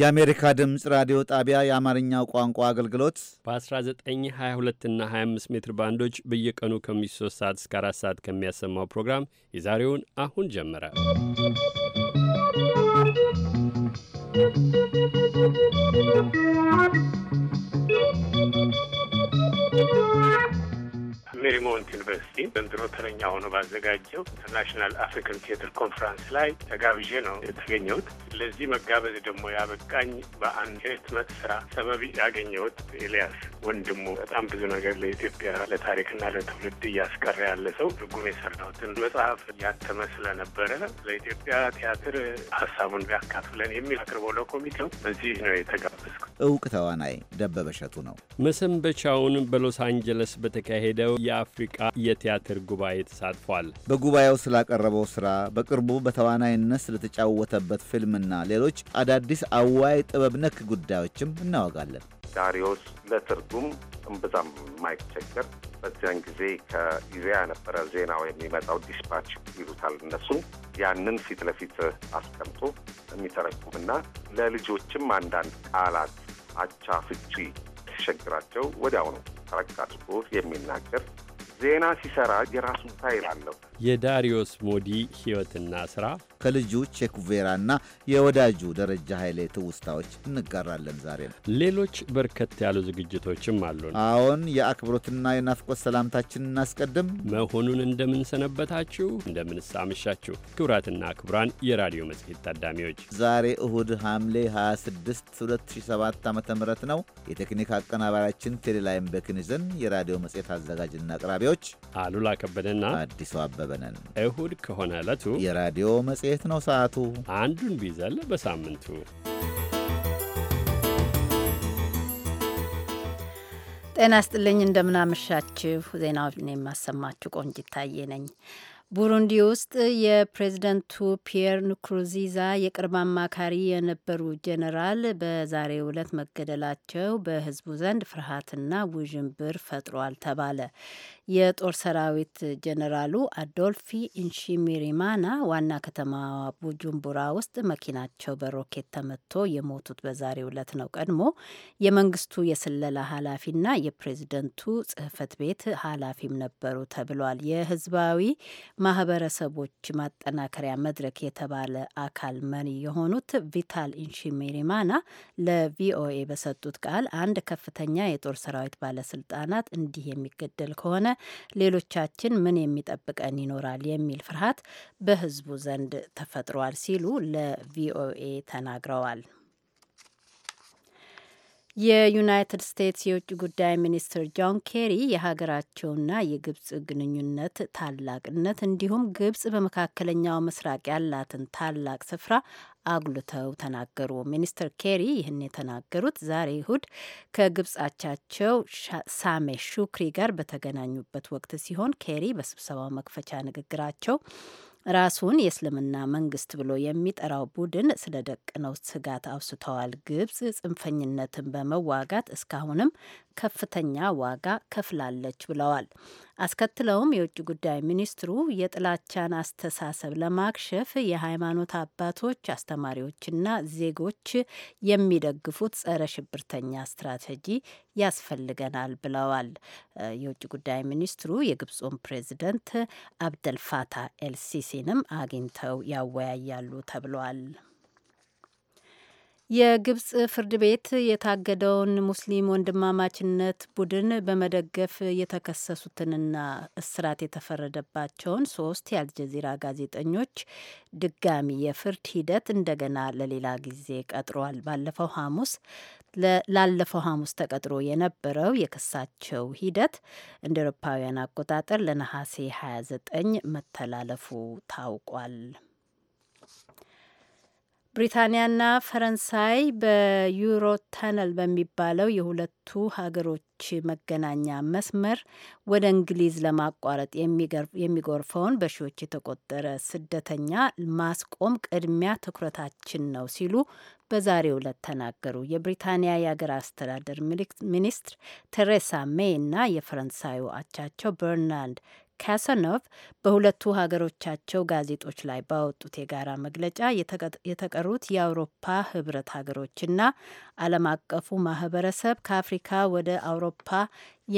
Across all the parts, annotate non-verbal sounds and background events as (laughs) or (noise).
የአሜሪካ ድምፅ ራዲዮ ጣቢያ የአማርኛው ቋንቋ አገልግሎት በ1922 እና 25 ሜትር ባንዶች በየቀኑ ከምሽቱ 3 ሰዓት እስከ 4 ሰዓት ከሚያሰማው ፕሮግራም የዛሬውን አሁን ጀመረ። ¶¶ ሜሪሞንት ዩኒቨርሲቲ ዘንድሮ ተረኛ ሆኖ ባዘጋጀው ኢንተርናሽናል አፍሪካን ቲያትር ኮንፈረንስ ላይ ተጋብዤ ነው የተገኘሁት። ለዚህ መጋበዝ ደግሞ ያበቃኝ በአንድ የህትመት ስራ ሰበብ ያገኘሁት ኤልያስ ወንድሙ በጣም ብዙ ነገር ለኢትዮጵያ ለታሪክና ለትውልድ እያስቀረ ያለ ሰው ትርጉም የሰራሁትን መጽሐፍ ያተመ ስለነበረ ለኢትዮጵያ ቲያትር ሀሳቡን ቢያካፍለን የሚል አቅርቦ ለኮሚቴው በዚህ ነው የተጋበዝኩት። እውቅ ተዋናይ ደበበ እሸቱ ነው መሰንበቻውን በሎስ አንጀለስ በተካሄደው የአፍሪቃ የቲያትር ጉባኤ ተሳትፏል። በጉባኤው ስላቀረበው ስራ፣ በቅርቡ በተዋናይነት ስለተጫወተበት ፊልምና ሌሎች አዳዲስ አዋይ ጥበብ ነክ ጉዳዮችም እናወጋለን። ዳሪዎስ ለትርጉም እምብዛም የማይቸገር በዚያን ጊዜ ከኢዜአ ነበረ ዜናው የሚመጣው ዲስፓች ይሉታል እነሱ። ያንን ፊት ለፊት አስቀምጦ የሚተረጉምና ለልጆችም አንዳንድ ቃላት አቻ ፍቺ ሲያስቸግራቸው ወዲያው ነው ጠረቅ አድርጎ የሚናገር ዜና ሲሰራ የራሱ ስታይል አለው። የዳሪዮስ ሞዲ ሕይወትና ስራ ከልጁ ቼኩቬራና የወዳጁ ደረጃ ኃይሌ ትውስታዎች እንጋራለን። ዛሬም ሌሎች በርከት ያሉ ዝግጅቶችም አሉን። አዎን፣ የአክብሮትና የናፍቆት ሰላምታችን እናስቀድም። መሆኑን እንደምንሰነበታችሁ፣ እንደምንሳምሻችሁ ክቡራትና ክቡራን የራዲዮ መጽሔት ታዳሚዎች ዛሬ እሁድ ሐምሌ 26 2007 ዓ ም ነው። የቴክኒክ አቀናባሪያችን ቴሌላይም በክን ይዘን የራዲዮ መጽሔት አዘጋጅና አቅራቢዎች አሉላ ከበደና አዲሱ አበበነን እሁድ ከሆነ ዕለቱ የራዲዮ መጽሔት የት ነው ሰዓቱ? አንዱን ቢይዛለ በሳምንቱ ጤና ስጥልኝ። እንደምናመሻችሁ ዜናውን የማሰማችሁ ቆንጅ ይታየ ነኝ። ቡሩንዲ ውስጥ የፕሬዝደንቱ ፒየር ንኩሩንዚዛ የቅርብ አማካሪ የነበሩ ጀኔራል በዛሬው ዕለት መገደላቸው በህዝቡ ዘንድ ፍርሃትና ውዥንብር ፈጥሯል ተባለ። የጦር ሰራዊት ጀነራሉ አዶልፊ ኢንሺሚሪማና ዋና ከተማዋ ቡጁምቡራ ውስጥ መኪናቸው በሮኬት ተመቶ የሞቱት በዛሬው ዕለት ነው። ቀድሞ የመንግስቱ የስለላ ኃላፊና የፕሬዝደንቱ ጽህፈት ቤት ኃላፊም ነበሩ ተብሏል። የህዝባዊ ማህበረሰቦች ማጠናከሪያ መድረክ የተባለ አካል መሪ የሆኑት ቪታል ኢንሺሚሪማና ለቪኦኤ በሰጡት ቃል አንድ ከፍተኛ የጦር ሰራዊት ባለስልጣናት እንዲህ የሚገደል ከሆነ ሌሎቻችን ምን የሚጠብቀን ይኖራል የሚል ፍርሃት በህዝቡ ዘንድ ተፈጥሯል ሲሉ ለቪኦኤ ተናግረዋል። የዩናይትድ ስቴትስ የውጭ ጉዳይ ሚኒስትር ጆን ኬሪ የሀገራቸውና የግብጽ ግንኙነት ታላቅነት እንዲሁም ግብጽ በመካከለኛው ምስራቅ ያላትን ታላቅ ስፍራ አጉልተው ተናገሩ። ሚኒስትር ኬሪ ይህን የተናገሩት ዛሬ እሁድ ከግብጻቻቸው ሳሜ ሹክሪ ጋር በተገናኙበት ወቅት ሲሆን ኬሪ በስብሰባው መክፈቻ ንግግራቸው ራሱን የእስልምና መንግስት ብሎ የሚጠራው ቡድን ስለ ደቀነው ስጋት አውስተዋል። ግብጽ ጽንፈኝነትን በመዋጋት እስካሁንም ከፍተኛ ዋጋ ከፍላለች ብለዋል። አስከትለውም የውጭ ጉዳይ ሚኒስትሩ የጥላቻን አስተሳሰብ ለማክሸፍ የሃይማኖት አባቶች፣ አስተማሪዎችና ዜጎች የሚደግፉት ጸረ ሽብርተኛ ስትራቴጂ ያስፈልገናል ብለዋል። የውጭ ጉዳይ ሚኒስትሩ የግብፁን ፕሬዚደንት አብደልፋታ ኤልሲሲንም አግኝተው ያወያያሉ ተብሏል። የግብጽ ፍርድ ቤት የታገደውን ሙስሊም ወንድማማችነት ቡድን በመደገፍ የተከሰሱትንና እስራት የተፈረደባቸውን ሶስት የአልጀዚራ ጋዜጠኞች ድጋሚ የፍርድ ሂደት እንደገና ለሌላ ጊዜ ቀጥሯል። ባለፈው ሐሙስ ላለፈው ሐሙስ ተቀጥሮ የነበረው የክሳቸው ሂደት እንደ አውሮፓውያን አቆጣጠር ለነሐሴ 29 መተላለፉ ታውቋል። ብሪታንያና ፈረንሳይ በዩሮ ተነል በሚባለው የሁለቱ ሀገሮች መገናኛ መስመር ወደ እንግሊዝ ለማቋረጥ የሚጎርፈውን በሺዎች የተቆጠረ ስደተኛ ማስቆም ቅድሚያ ትኩረታችን ነው ሲሉ በዛሬው ዕለት ተናገሩ። የብሪታንያ የአገር አስተዳደር ሚኒስትር ቴሬሳ ሜይ እና የፈረንሳዩ አቻቸው በርናንድ ካሳኖቭ በሁለቱ ሀገሮቻቸው ጋዜጦች ላይ ባወጡት የጋራ መግለጫ የተቀሩት የአውሮፓ ህብረት ሀገሮችና ዓለም አቀፉ ማህበረሰብ ከአፍሪካ ወደ አውሮፓ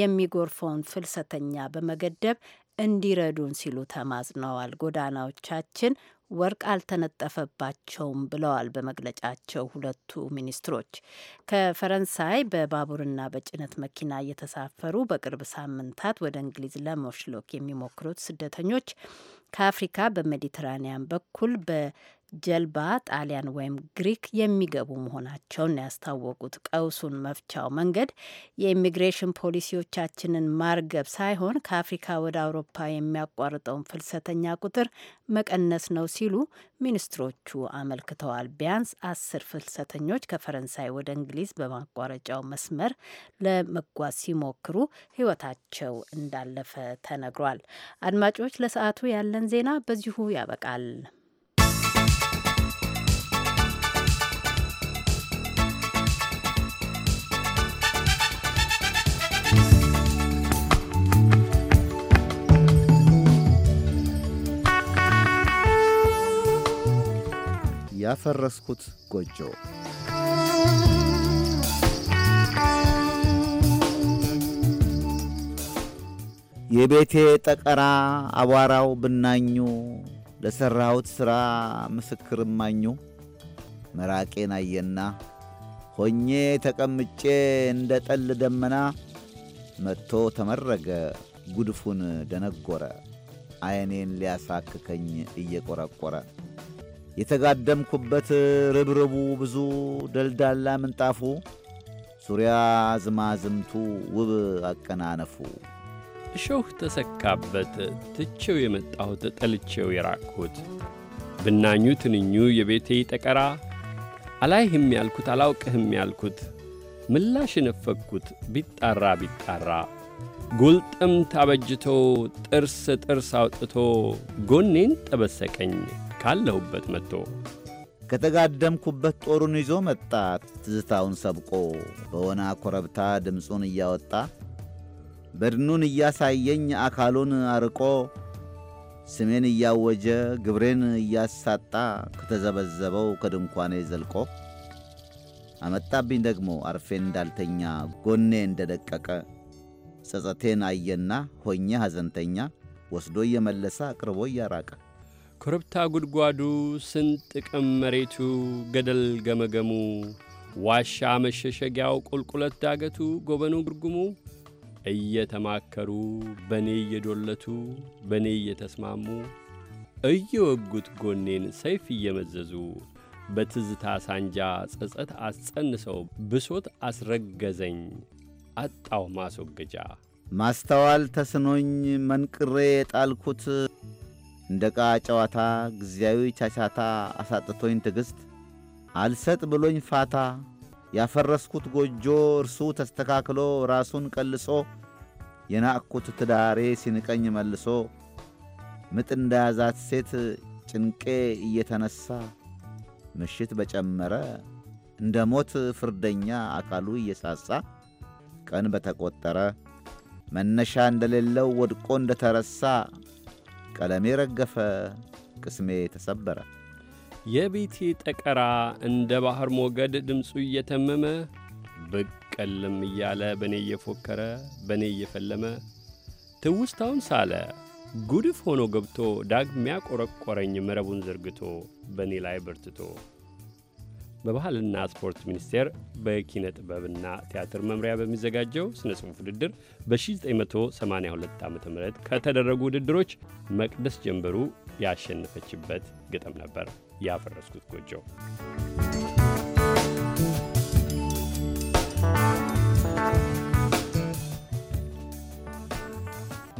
የሚጎርፈውን ፍልሰተኛ በመገደብ እንዲረዱን ሲሉ ተማጽነዋል። ጎዳናዎቻችን ወርቅ አልተነጠፈባቸውም ብለዋል በመግለጫቸው ሁለቱ ሚኒስትሮች። ከፈረንሳይ በባቡርና በጭነት መኪና እየተሳፈሩ በቅርብ ሳምንታት ወደ እንግሊዝ ለመሽሎክ የሚሞክሩት ስደተኞች ከአፍሪካ በሜዲትራኒያን በኩል በ ጀልባ ጣሊያን ወይም ግሪክ የሚገቡ መሆናቸውን ያስታወቁት። ቀውሱን መፍቻው መንገድ የኢሚግሬሽን ፖሊሲዎቻችንን ማርገብ ሳይሆን ከአፍሪካ ወደ አውሮፓ የሚያቋርጠውን ፍልሰተኛ ቁጥር መቀነስ ነው ሲሉ ሚኒስትሮቹ አመልክተዋል። ቢያንስ አስር ፍልሰተኞች ከፈረንሳይ ወደ እንግሊዝ በማቋረጫው መስመር ለመጓዝ ሲሞክሩ ሕይወታቸው እንዳለፈ ተነግሯል። አድማጮች፣ ለሰዓቱ ያለን ዜና በዚሁ ያበቃል። ያፈረስኩት ጎጆ የቤቴ ጠቀራ አቧራው ብናኙ ለሠራሁት ሥራ ምስክር እማኙ መራቄን አየና ሆኜ ተቀምጬ እንደ ጠል ደመና መጥቶ ተመረገ ጉድፉን ደነጎረ አይኔን ሊያሳክከኝ እየቆረቆረ የተጋደምኩበት ርብርቡ ብዙ ደልዳላ ምንጣፉ ዙሪያ ዝማዝምቱ ውብ አቀናነፉ እሾህ ተሰካበት ትቼው የመጣሁት ጠልቼው የራቅሁት ብናኙ ትንኙ የቤቴ ጠቀራ አላይህም ያልኩት አላውቅህም ያልኩት ምላሽ የነፈግኩት ቢጣራ ቢጣራ ጎልጥም ታበጅቶ ጥርስ ጥርስ አውጥቶ ጎኔን ጠበሰቀኝ ካለሁበት መጥቶ ከተጋደምኩበት ጦሩን ይዞ መጣ ትዝታውን ሰብቆ በወና ኮረብታ ድምፁን እያወጣ በድኑን እያሳየኝ አካሉን አርቆ ስሜን እያወጀ ግብሬን እያሳጣ ከተዘበዘበው ከድንኳኔ ዘልቆ አመጣብኝ ደግሞ አርፌ እንዳልተኛ ጎኔ እንደደቀቀ ጸጸቴን አየና ሆኜ ሐዘንተኛ ወስዶ እየመለሰ አቅርቦ እያራቀ ኮረብታ ጉድጓዱ፣ ስንጥቅም መሬቱ፣ ገደል ገመገሙ፣ ዋሻ መሸሸጊያው፣ ቁልቁለት ዳገቱ፣ ጎበኑ ግርጉሙ እየተማከሩ በእኔ እየዶለቱ በእኔ እየተስማሙ እየወጉት ጎኔን ሰይፍ እየመዘዙ በትዝታ ሳንጃ ጸጸት አስጸንሰው ብሶት አስረገዘኝ አጣው ማስወገጃ ማስተዋል ተስኖኝ መንቅሬ የጣልኩት እንደ ዕቃ ጨዋታ ጊዜያዊ ቻቻታ አሳጥቶኝ ትዕግሥት አልሰጥ ብሎኝ ፋታ ያፈረስኩት ጎጆ እርሱ ተስተካክሎ ራሱን ቀልሶ የናቅኩት ትዳሬ ሲንቀኝ መልሶ ምጥ እንደያዛት ሴት ጭንቄ እየተነሣ ምሽት በጨመረ እንደ ሞት ፍርደኛ አካሉ እየሳሳ ቀን በተቈጠረ መነሻ እንደሌለው ወድቆ እንደተረሳ ቀለሜ ረገፈ፣ ቅስሜ ተሰበረ። የቤቴ ጠቀራ እንደ ባሕር ሞገድ ድምፁ እየተመመ ብቅልም እያለ በእኔ እየፎከረ በእኔ እየፈለመ ትውስታውን ሳለ ጉድፍ ሆኖ ገብቶ ዳግሚያ ቆረቆረኝ መረቡን ዘርግቶ በእኔ ላይ በርትቶ በባህልና ስፖርት ሚኒስቴር በኪነ ጥበብና ቲያትር መምሪያ በሚዘጋጀው ስነ ጽሑፍ ውድድር በ1982 ዓ ም ከተደረጉ ውድድሮች መቅደስ ጀንበሩ ያሸነፈችበት ግጥም ነበር ያፈረስኩት ጎጆ።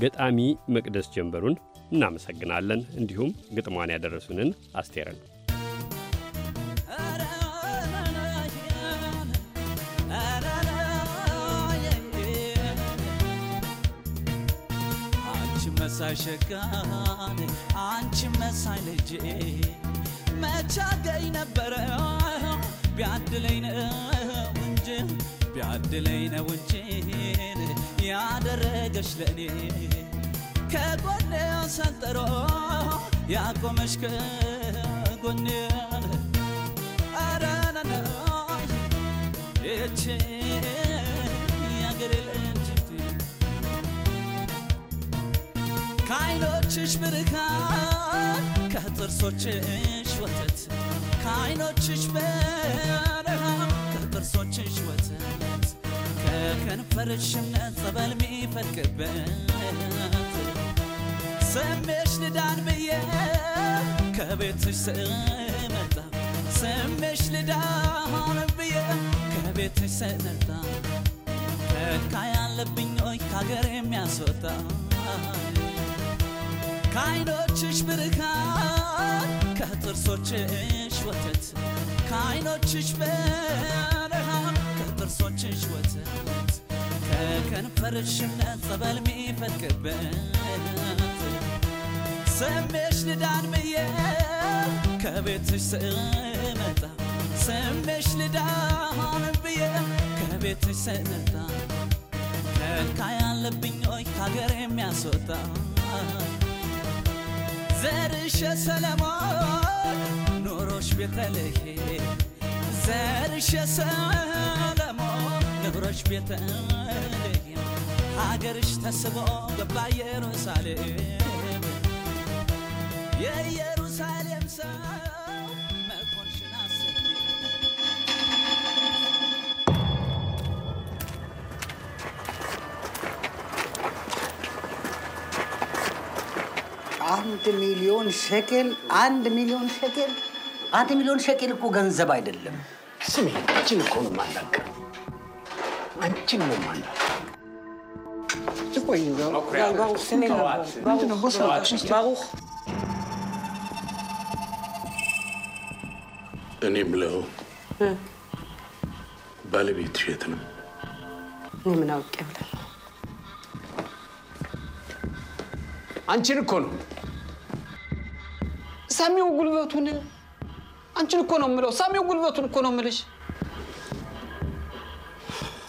ገጣሚ መቅደስ ጀንበሩን እናመሰግናለን። እንዲሁም ግጥሟን ያደረሱንን አስቴርን መሳይ ሸጋን መሳይ ልጄ መቻገኝ ነበረ ቢያድለኝ ነው እንጂ ቢያድለኝ ነው እንጂ ያደረገሽ ለእኔ ከጎኔ ያቆመሽ ከጎኔ ከዓይኖችሽ ብርሃን ከጥርሶችሽ ወተት ከዓይኖችሽ ብርሃን ከጥርሶችሽ ወተት ከከንፈርሽ እምነት ጸበል ሚፈልቅበት ስሜሽ ልዳን ብዬ ከቤትሽ ስመጣ ስሜሽ ልዳን ብዬ ከቤትሽ ስመጣ ከካ ያለብኝ ሆይ ካገር የሚያስወጣ ከዓይኖችሽ ብርሃን ከጥርሶችሽ ወተት ከዓይኖችሽ ብርሃን ከጥርሶችሽ ወተት ከከንፈርሽ እምነት ጸበል ሚፈልቅበት ስሜሽ ልዳን ብዬ ከቤትሽ ስመጣ ስሜሽ ልዳን ብዬ ከቤትሽ ስመጣ ከልካ ያለብኝ ሆይ ካገር የሚያስወጣ ዘርሽ ሰለሞን ኖሮሽ ቤተልሔም ዘርሽ ሰለሞን ኖሮሽ ቤተልሔም ሀገርሽ ተስቦ ገባ ኢየሩሳሌም የኢየሩሳሌም ሳ አንድ ሚሊዮን ሸክል አንድ ሚሊዮን ሸክል አንድ ሚሊዮን ሸክል እኮ ገንዘብ አይደለም። ስሜ አንቺን እኮ ነው የማናገር፣ አንቺን ነው የማናገር። እኔ ብለው ባለቤት ሸት ነው? እኔ ምን አውቄ ብላለሁ። አንቺን እኮ ነው ሳሚው ጉልበቱን አንቺን እኮ ነው የምለው። ሳሚው ጉልበቱን እኮ ነው የምልሽ።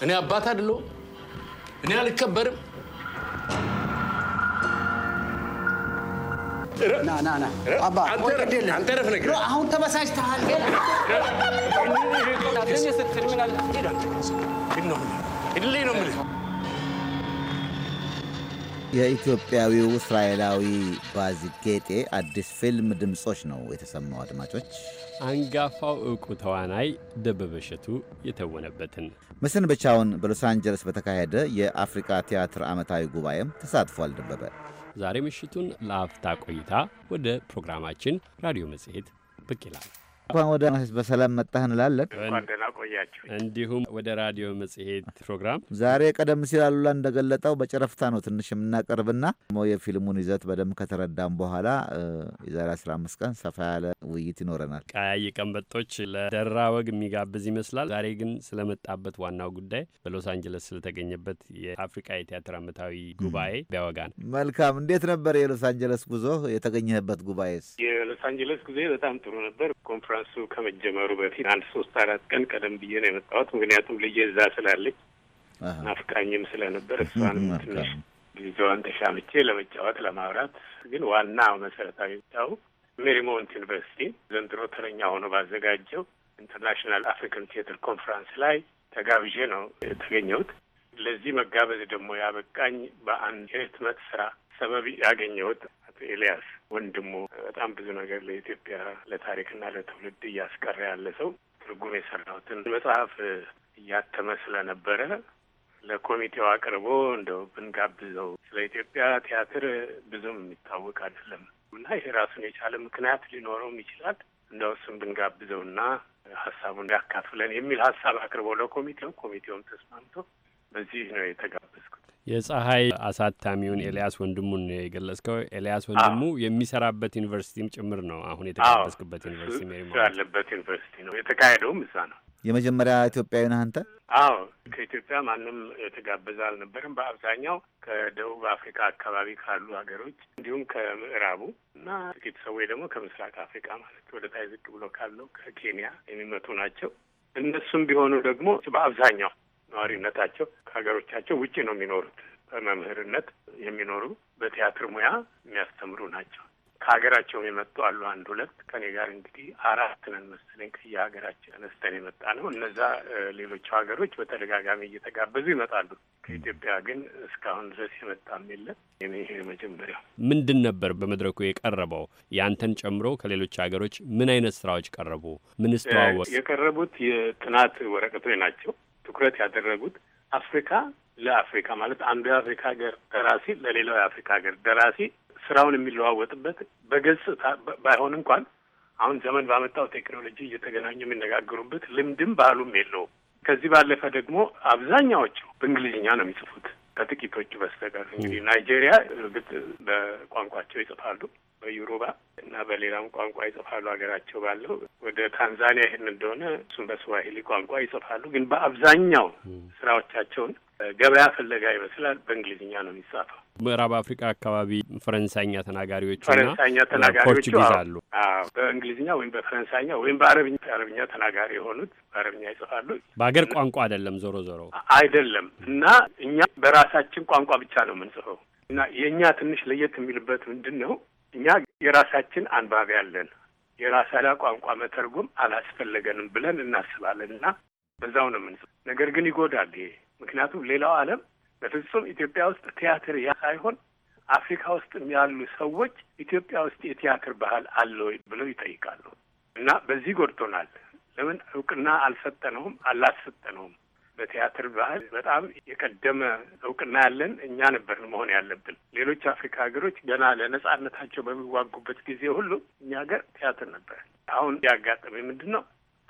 እኔ አባት አይደለሁም። እኔ አልከበርም። አሁን ተበሳጭተሃል። ሂድልኝ ነው የምልህ የኢትዮጵያዊው እስራኤላዊ ባዚጌጤ አዲስ ፊልም ድምፆች ነው የተሰማው። አድማጮች አንጋፋው እውቁ ተዋናይ ደበበ እሸቱ የተወነበትን ብቻውን በሎስ አንጀለስ በተካሄደ የአፍሪካ ቲያትር ዓመታዊ ጉባኤም ተሳትፏል። ደበበ ዛሬ ምሽቱን ለአፍታ ቆይታ ወደ ፕሮግራማችን ራዲዮ መጽሔት ብቅ ይላል። እንኳን ወደ በሰላም መጣህ እንላለን። ደህና ቆያችሁ። እንዲሁም ወደ ራዲዮ መጽሔት ፕሮግራም ዛሬ ቀደም ሲል አሉላ እንደገለጠው በጨረፍታ ነው ትንሽ የምናቀርብና የፊልሙን ይዘት በደንብ ከተረዳም በኋላ የዛሬ አምስት ቀን ሰፋ ያለ ውይይት ይኖረናል። ቀያይ ቀንበጦች ለደራ ወግ የሚጋብዝ ይመስላል። ዛሬ ግን ስለመጣበት ዋናው ጉዳይ በሎስ አንጀለስ ስለተገኘበት የአፍሪቃ የቲያትር አመታዊ ጉባኤ ነው። መልካም። እንዴት ነበር የሎስ አንጀለስ ጉዞ? የተገኘህበት ጉባኤስ? የሎስ አንጀለስ ጊዜ በጣም ጥሩ ነበር። ኮንፈረንስ ኮንፈረንሱ ከመጀመሩ በፊት አንድ ሶስት አራት ቀን ቀደም ብዬ ነው የመጣሁት። ምክንያቱም ልጄ እዛ ስላለች ናፍቃኝም ስለነበር እሷንም ትንሽ ጊዜዋን ተሻምቼ ለመጫወት ለማብራት ግን ዋና መሰረታዊ ጫው ሜሪሞንት ዩኒቨርሲቲ ዘንድሮ ተረኛ ሆኖ ባዘጋጀው ኢንተርናሽናል አፍሪካን ቲያትር ኮንፈረንስ ላይ ተጋብዤ ነው የተገኘሁት። ለዚህ መጋበዝ ደግሞ ያበቃኝ በአንድ የህትመት ስራ ሰበብ ያገኘሁት አቶ ኤልያስ ወንድሙ በጣም ብዙ ነገር ለኢትዮጵያ ለታሪክና ለትውልድ እያስቀረ ያለ ሰው ትርጉም የሰራሁትን መጽሐፍ እያተመ ስለነበረ ለኮሚቴው አቅርቦ እንደው ብንጋብዘው ስለ ኢትዮጵያ ቲያትር ብዙም የሚታወቅ አይደለም እና ይሄ ራሱን የቻለ ምክንያት ሊኖረውም ይችላል። እንደው እሱም ብንጋብዘውና ሀሳቡን ያካፍለን የሚል ሀሳብ አቅርቦ ለኮሚቴው ኮሚቴውም ተስማምቶ በዚህ ነው የተጋበዝኩት። የፀሐይ አሳታሚውን ኤልያስ ወንድሙን የገለጽከው ኤልያስ ወንድሙ የሚሰራበት ዩኒቨርሲቲም ጭምር ነው። አሁን የተጋበዝክበት ዩኒቨርሲቲ ያለበት ዩኒቨርሲቲ ነው። የተካሄደውም እዛ ነው። የመጀመሪያ ኢትዮጵያዊ ነህ አንተ? አዎ፣ ከኢትዮጵያ ማንም የተጋበዘ አልነበርም። በአብዛኛው ከደቡብ አፍሪካ አካባቢ ካሉ ሀገሮች እንዲሁም ከምዕራቡ እና ጥቂት ሰዎች ደግሞ ከምስራቅ አፍሪካ ማለት ወደ ታይ ዝቅ ብሎ ካለው ከኬንያ የሚመጡ ናቸው። እነሱም ቢሆኑ ደግሞ በአብዛኛው ነዋሪነታቸው ከሀገሮቻቸው ውጭ ነው የሚኖሩት። በመምህርነት የሚኖሩ በቲያትር ሙያ የሚያስተምሩ ናቸው። ከሀገራቸውም የመጡ አሉ። አንድ ሁለት ከኔ ጋር እንግዲህ አራት ነን መሰለኝ ከየሀገራችን አነስተን የመጣ ነው። እነዛ ሌሎቹ ሀገሮች በተደጋጋሚ እየተጋበዙ ይመጣሉ። ከኢትዮጵያ ግን እስካሁን ድረስ የመጣም የለም። ይሄ መጀመሪያው። ምንድን ነበር በመድረኩ የቀረበው? ያንተን ጨምሮ ከሌሎች ሀገሮች ምን አይነት ስራዎች ቀረቡ? ምን ስተዋወቅ የቀረቡት የጥናት ወረቀቶች ናቸው። ትኩረት ያደረጉት አፍሪካ ለአፍሪካ ማለት አንዱ የአፍሪካ ሀገር ደራሲ ለሌላው የአፍሪካ ሀገር ደራሲ ስራውን የሚለዋወጥበት በገጽ ባይሆን እንኳን አሁን ዘመን ባመጣው ቴክኖሎጂ እየተገናኙ የሚነጋገሩበት ልምድም ባህሉም የለውም። ከዚህ ባለፈ ደግሞ አብዛኛዎቹ በእንግሊዝኛ ነው የሚጽፉት ከጥቂቶቹ በስተቀር እንግዲህ ናይጄሪያ እርግጥ በቋንቋቸው ይጽፋሉ። በዩሮባ እና በሌላም ቋንቋ ይጽፋሉ። ሀገራቸው ባለው ወደ ታንዛኒያ ይሄን እንደሆነ እሱም በስዋሂሊ ቋንቋ ይጽፋሉ። ግን በአብዛኛው ስራዎቻቸውን ገበያ ፍለጋ ይመስላል በእንግሊዝኛ ነው የሚጻፈው። ምዕራብ አፍሪካ አካባቢ ፈረንሳይኛ ተናጋሪዎቹ ፈረንሳይኛ ተናጋሪዎቹ አሉ። በእንግሊዝኛ ወይም በፈረንሳይኛ ወይም በአረብኛ አረብኛ ተናጋሪ የሆኑት በአረብኛ ይጽፋሉ። በሀገር ቋንቋ አይደለም፣ ዞሮ ዞሮ አይደለም እና እኛ በራሳችን ቋንቋ ብቻ ነው የምንጽፈው እና የእኛ ትንሽ ለየት የሚልበት ምንድን ነው? እኛ የራሳችን አንባቢ ያለን የራሳዳ ቋንቋ መተርጉም አላስፈለገንም ብለን እናስባለን እና በዛው ነው ምን ነገር ግን ይጎዳል ይሄ ምክንያቱም ሌላው ዓለም በፍጹም ኢትዮጵያ ውስጥ ቲያትር ያ ሳይሆን አፍሪካ ውስጥም ያሉ ሰዎች ኢትዮጵያ ውስጥ የቲያትር ባህል አለ ወይ ብለው ይጠይቃሉ። እና በዚህ ጎድቶናል። ለምን እውቅና አልሰጠነውም አላሰጠነውም? በቲያትር ባህል በጣም የቀደመ እውቅና ያለን እኛ ነበርን መሆን ያለብን። ሌሎች አፍሪካ ሀገሮች ገና ለነጻነታቸው በሚዋጉበት ጊዜ ሁሉ እኛ ሀገር ቲያትር ነበር። አሁን ያጋጠመ ምንድን ነው?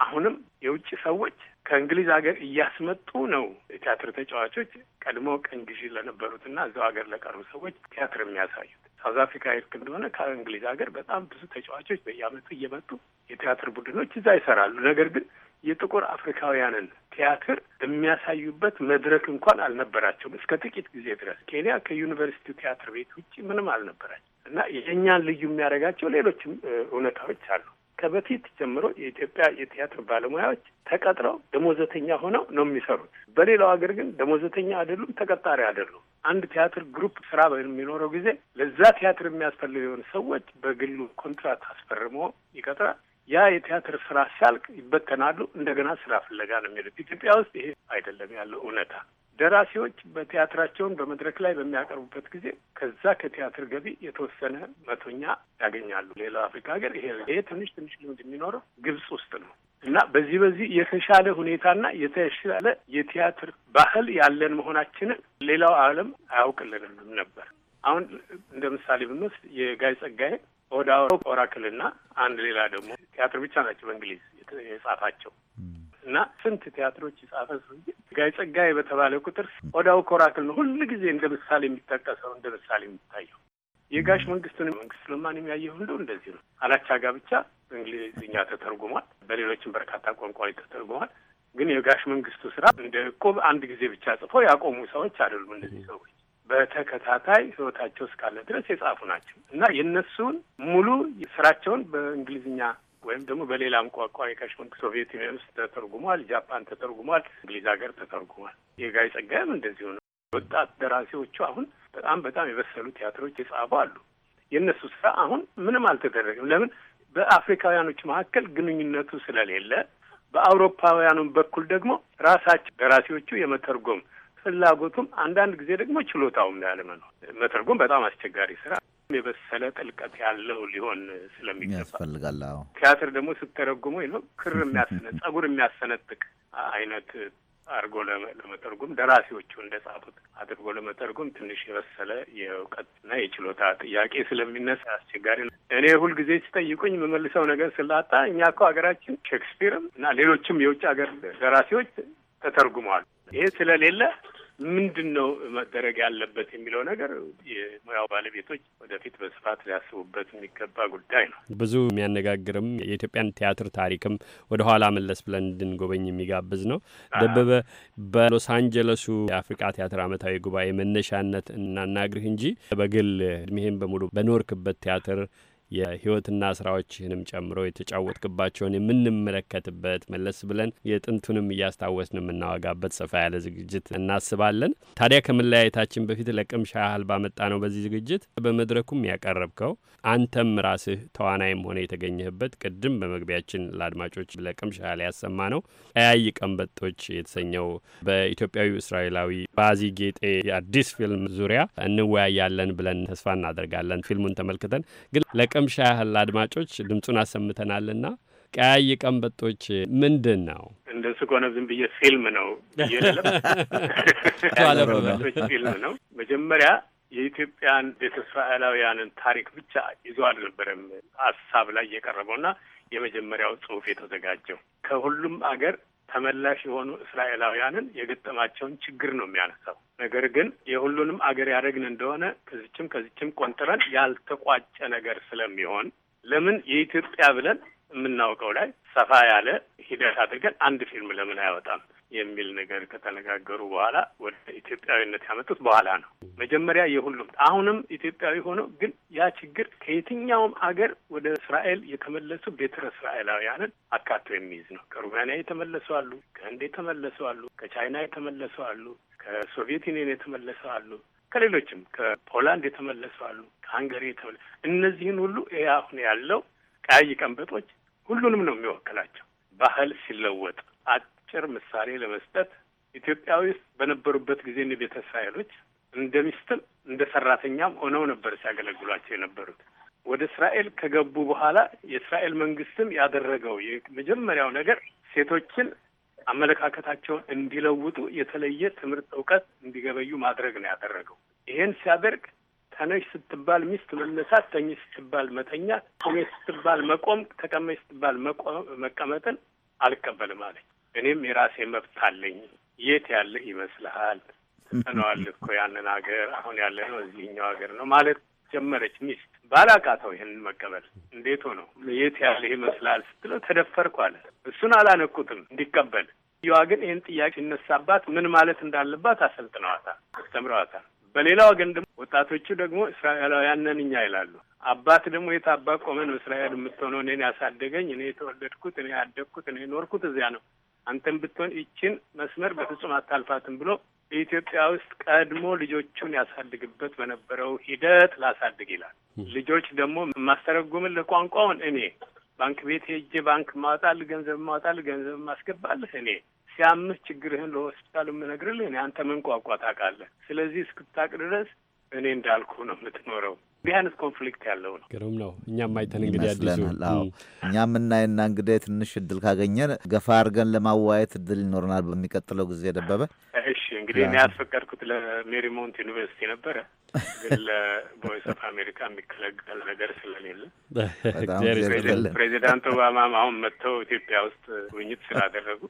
አሁንም የውጭ ሰዎች ከእንግሊዝ ሀገር እያስመጡ ነው የቲያትር ተጫዋቾች ቀድሞ ቀኝ ግዢ ለነበሩትና እዛው ሀገር ለቀሩ ሰዎች ቲያትር የሚያሳዩት። ሳውዝ አፍሪካ ሄድክ እንደሆነ ከእንግሊዝ ሀገር በጣም ብዙ ተጫዋቾች በየዓመቱ እየመጡ የቲያትር ቡድኖች እዛ ይሰራሉ። ነገር ግን የጥቁር አፍሪካውያንን ቲያትር የሚያሳዩበት መድረክ እንኳን አልነበራቸውም። እስከ ጥቂት ጊዜ ድረስ ኬንያ ከዩኒቨርሲቲው ቲያትር ቤት ውጭ ምንም አልነበራቸው እና የእኛን ልዩ የሚያደርጋቸው ሌሎችም እውነታዎች አሉ። ከበፊት ጀምሮ የኢትዮጵያ የቲያትር ባለሙያዎች ተቀጥረው ደሞዘተኛ ሆነው ነው የሚሰሩት። በሌላው ሀገር ግን ደሞዘተኛ አይደሉም፣ ተቀጣሪ አይደሉም። አንድ ቲያትር ግሩፕ ስራ በሚኖረው ጊዜ ለዛ ቲያትር የሚያስፈልገውን ሰዎች በግሉ ኮንትራት አስፈርሞ ይቀጥራል። ያ የቲያትር ስራ ሲያልቅ ይበተናሉ። እንደገና ስራ ፍለጋ ነው የሚሄዱት። ኢትዮጵያ ውስጥ ይሄ አይደለም ያለው እውነታ። ደራሲዎች በቲያትራቸውን በመድረክ ላይ በሚያቀርቡበት ጊዜ ከዛ ከቲያትር ገቢ የተወሰነ መቶኛ ያገኛሉ። ሌላው አፍሪካ ሀገር ይሄ ይሄ ትንሽ ትንሽ ልምድ የሚኖረው ግብጽ ውስጥ ነው እና በዚህ በዚህ የተሻለ ሁኔታና የተሻለ የቲያትር ባህል ያለን መሆናችንን ሌላው ዓለም አያውቅልንም ነበር። አሁን እንደ ምሳሌ ብንወስድ የጋይ ጸጋዬ ኦዳ ኦራክልና አንድ ሌላ ደግሞ ቲያትር ብቻ ናቸው በእንግሊዝ የጻፋቸው እና ስንት ቲያትሮች የጻፈ ሰውዬ ጋይ ጸጋዬ በተባለ ቁጥር ኦዳው ኮራክል ነው ሁሉ ጊዜ እንደ ምሳሌ የሚጠቀሰው እንደ ምሳሌ የሚታየው። የጋሽ መንግስቱን መንግስት ለማን የሚያየው ሁሉ እንደዚህ ነው። አላቻጋ ብቻ በእንግሊዝኛ ተተርጉሟል፣ በሌሎችም በርካታ ቋንቋዎች ተተርጉሟል። ግን የጋሽ መንግስቱ ስራ እንደ እቁብ አንድ ጊዜ ብቻ ጽፎ ያቆሙ ሰዎች አይደሉም። እነዚህ ሰዎች በተከታታይ ህይወታቸው እስካለ ድረስ የጻፉ ናቸው እና የእነሱን ሙሉ ስራቸውን በእንግሊዝኛ ወይም ደግሞ በሌላም ቋንቋ የካሽመንክ ሶቪየት ዩኒየን ውስጥ ተተርጉሟል፣ ጃፓን ተተርጉሟል፣ እንግሊዝ ሀገር ተተርጉሟል። የጋይ ጸጋዬም እንደዚሁ ነው። ወጣት ደራሲዎቹ አሁን በጣም በጣም የበሰሉ ቲያትሮች የጻፉ አሉ። የእነሱ ስራ አሁን ምንም አልተደረገም። ለምን? በአፍሪካውያኖች መካከል ግንኙነቱ ስለሌለ፣ በአውሮፓውያኑም በኩል ደግሞ ራሳቸው ደራሲዎቹ የመተርጎም ፍላጎቱም አንዳንድ ጊዜ ደግሞ ችሎታውም ያለመኖር መተርጎም በጣም አስቸጋሪ ስራ የበሰለ ጥልቀት ያለው ሊሆን ስለሚገባ ያስፈልጋል። ቲያትር ደግሞ ስተረጉሙ ክር የሚያስነ ጸጉር የሚያሰነጥቅ አይነት አድርጎ ለመተርጎም ደራሲዎቹ እንደ ጻፉት አድርጎ ለመተርጎም ትንሽ የበሰለ የእውቀትና የችሎታ ጥያቄ ስለሚነሳ አስቸጋሪ ነው። እኔ ሁልጊዜ ሲጠይቁኝ የምመልሰው ነገር ስላጣ እኛ እኮ ሀገራችን ሼክስፒርም እና ሌሎችም የውጭ ሀገር ደራሲዎች ተተርጉመዋል። ይሄ ስለሌለ ምንድን ነው መደረግ ያለበት የሚለው ነገር የሙያው ባለቤቶች ወደፊት በስፋት ሊያስቡበት የሚገባ ጉዳይ ነው። ብዙ የሚያነጋግርም የኢትዮጵያን ቲያትር ታሪክም ወደ ኋላ መለስ ብለን እንድንጎበኝ የሚጋብዝ ነው። ደበበ፣ በሎስ አንጀለሱ የአፍሪቃ ቲያትር ዓመታዊ ጉባኤ መነሻነት እናናግርህ እንጂ በግል እድሜህን በሙሉ በኖርክበት ቲያትር የህይወትና ስራዎችህንም ጨምሮ የተጫወትክባቸውን የምንመለከትበት መለስ ብለን የጥንቱንም እያስታወስን የምናወጋበት ሰፋ ያለ ዝግጅት እናስባለን። ታዲያ ከመለያየታችን በፊት ለቅምሻ ያህል ባመጣ ነው በዚህ ዝግጅት በመድረኩም ያቀረብከው አንተም ራስህ ተዋናይም ሆነ የተገኘህበት ቅድም በመግቢያችን ለአድማጮች ለቅምሻ ያህል ያሰማ ነው ቀያይ ቀንበጦች የተሰኘው በኢትዮጵያዊ እስራኤላዊ ባዚ ጌጤ አዲስ ፊልም ዙሪያ እንወያያለን ብለን ተስፋ እናደርጋለን። ፊልሙን ተመልክተን ግን ለቅምሻ ያህል አድማጮች ድምፁን አሰምተናልና ቀያይ ቀንበጦች ምንድን ነው? እንደሱ ከሆነ ዝም ብዬ ፊልም ነው ብዬለለምበጦች (laughs) ፊልም ነው። መጀመሪያ የኢትዮጵያን ቤተ እስራኤላውያንን ታሪክ ብቻ ይዞ አልነበረም ሀሳብ ላይ የቀረበውና የመጀመሪያው ጽሁፍ የተዘጋጀው ከሁሉም አገር ተመላሽ የሆኑ እስራኤላውያንን የገጠማቸውን ችግር ነው የሚያነሳው። ነገር ግን የሁሉንም አገር ያደረግን እንደሆነ ከዚችም ከዚችም ቆንጥረን ያልተቋጨ ነገር ስለሚሆን ለምን የኢትዮጵያ ብለን የምናውቀው ላይ ሰፋ ያለ ሂደት አድርገን አንድ ፊልም ለምን አይወጣም የሚል ነገር ከተነጋገሩ በኋላ ወደ ኢትዮጵያዊነት ያመጡት በኋላ ነው። መጀመሪያ የሁሉም አሁንም ኢትዮጵያዊ ሆኖ ግን ያ ችግር ከየትኛውም አገር ወደ እስራኤል የተመለሱ ቤተ እስራኤላውያንን አካቶ የሚይዝ ነው። ከሩማንያ የተመለሱ አሉ፣ ከህንድ የተመለሱ አሉ፣ ከቻይና የተመለሱ አሉ፣ ከሶቪየት ዩኒየን የተመለሰ አሉ፣ ከሌሎችም ከፖላንድ የተመለሱ አሉ፣ ከሀንገሪ የተመለ እነዚህን ሁሉ ይህ አሁን ያለው ቀያይ ቀንበጦች ሁሉንም ነው የሚወክላቸው። ባህል ሲለወጥ አጭር ምሳሌ ለመስጠት ኢትዮጵያ ውስጥ በነበሩበት ጊዜ እነ ቤተ እስራኤሎች እንደ ሚስትም እንደ ሰራተኛም ሆነው ነበር ሲያገለግሏቸው የነበሩት። ወደ እስራኤል ከገቡ በኋላ የእስራኤል መንግስትም ያደረገው የመጀመሪያው ነገር ሴቶችን አመለካከታቸውን እንዲለውጡ የተለየ ትምህርት፣ እውቀት እንዲገበዩ ማድረግ ነው ያደረገው። ይሄን ሲያደርግ ተነሽ ስትባል ሚስት መነሳት፣ ተኝ ስትባል መተኛ ቁሜ ስትባል መቆም፣ ተቀመጭ ስትባል መቀመጥን አልቀበልም አለኝ። እኔም የራሴ መብት አለኝ። የት ያለ ይመስልሃል? ትተነዋል እኮ ያንን ሀገር። አሁን ያለ ነው እዚህኛው ሀገር ነው ማለት ጀመረች ሚስት። ባላቃተው ይህንን መቀበል እንዴት ሆነው የት ያለ ይመስላል ስትለው ተደፈርኩ አለ። እሱን አላነኩትም እንዲቀበል ዋ ግን ይህን ጥያቄ ሲነሳባት ምን ማለት እንዳለባት አሰልጥነዋታል፣ አስተምረዋታል። በሌላ ወገን ደግሞ ወጣቶቹ ደግሞ እስራኤላውያን ነን እኛ ይላሉ። አባት ደግሞ የት አባት ቆመን እስራኤል የምትሆነው? እኔን ያሳደገኝ እኔ የተወለድኩት እኔ ያደግኩት እኔ ኖርኩት እዚያ ነው። አንተም ብትሆን ይችን መስመር በፍጹም አታልፋትም ብሎ በኢትዮጵያ ውስጥ ቀድሞ ልጆቹን ያሳድግበት በነበረው ሂደት ላሳድግ ይላል። ልጆች ደግሞ የማስተረጉምን ለቋንቋውን እኔ ባንክ ቤት ሄጄ ባንክ ማወጣልህ፣ ገንዘብ ማወጣልህ፣ ገንዘብ ማስገባልህ እኔ ሲያምህ ችግርህን ለሆስፒታሉ የምነግርልህ እኔ አንተ ምን ቋንቋ ታውቃለህ? ስለዚህ እስክታቅ ድረስ እኔ እንዳልኩ ነው የምትኖረው ቢያንስ ኮንፍሊክት ያለው ነው። ግሩም ነው። እኛም አይተን እንግዲህ አዎ እኛም እናይና እንግዲህ ትንሽ እድል ካገኘን ገፋ አድርገን ለማዋየት እድል ይኖረናል በሚቀጥለው ጊዜ ደበበ። እሺ እንግዲህ እኔ ያስፈቀድኩት ለሜሪሞንት ዩኒቨርሲቲ ነበረ ግን ለቮይስ ኦፍ አሜሪካ የሚከለገል ነገር ስለሌለ ፕሬዚዳንት ኦባማም አሁን መጥተው ኢትዮጵያ ውስጥ ጉብኝት ስላደረጉ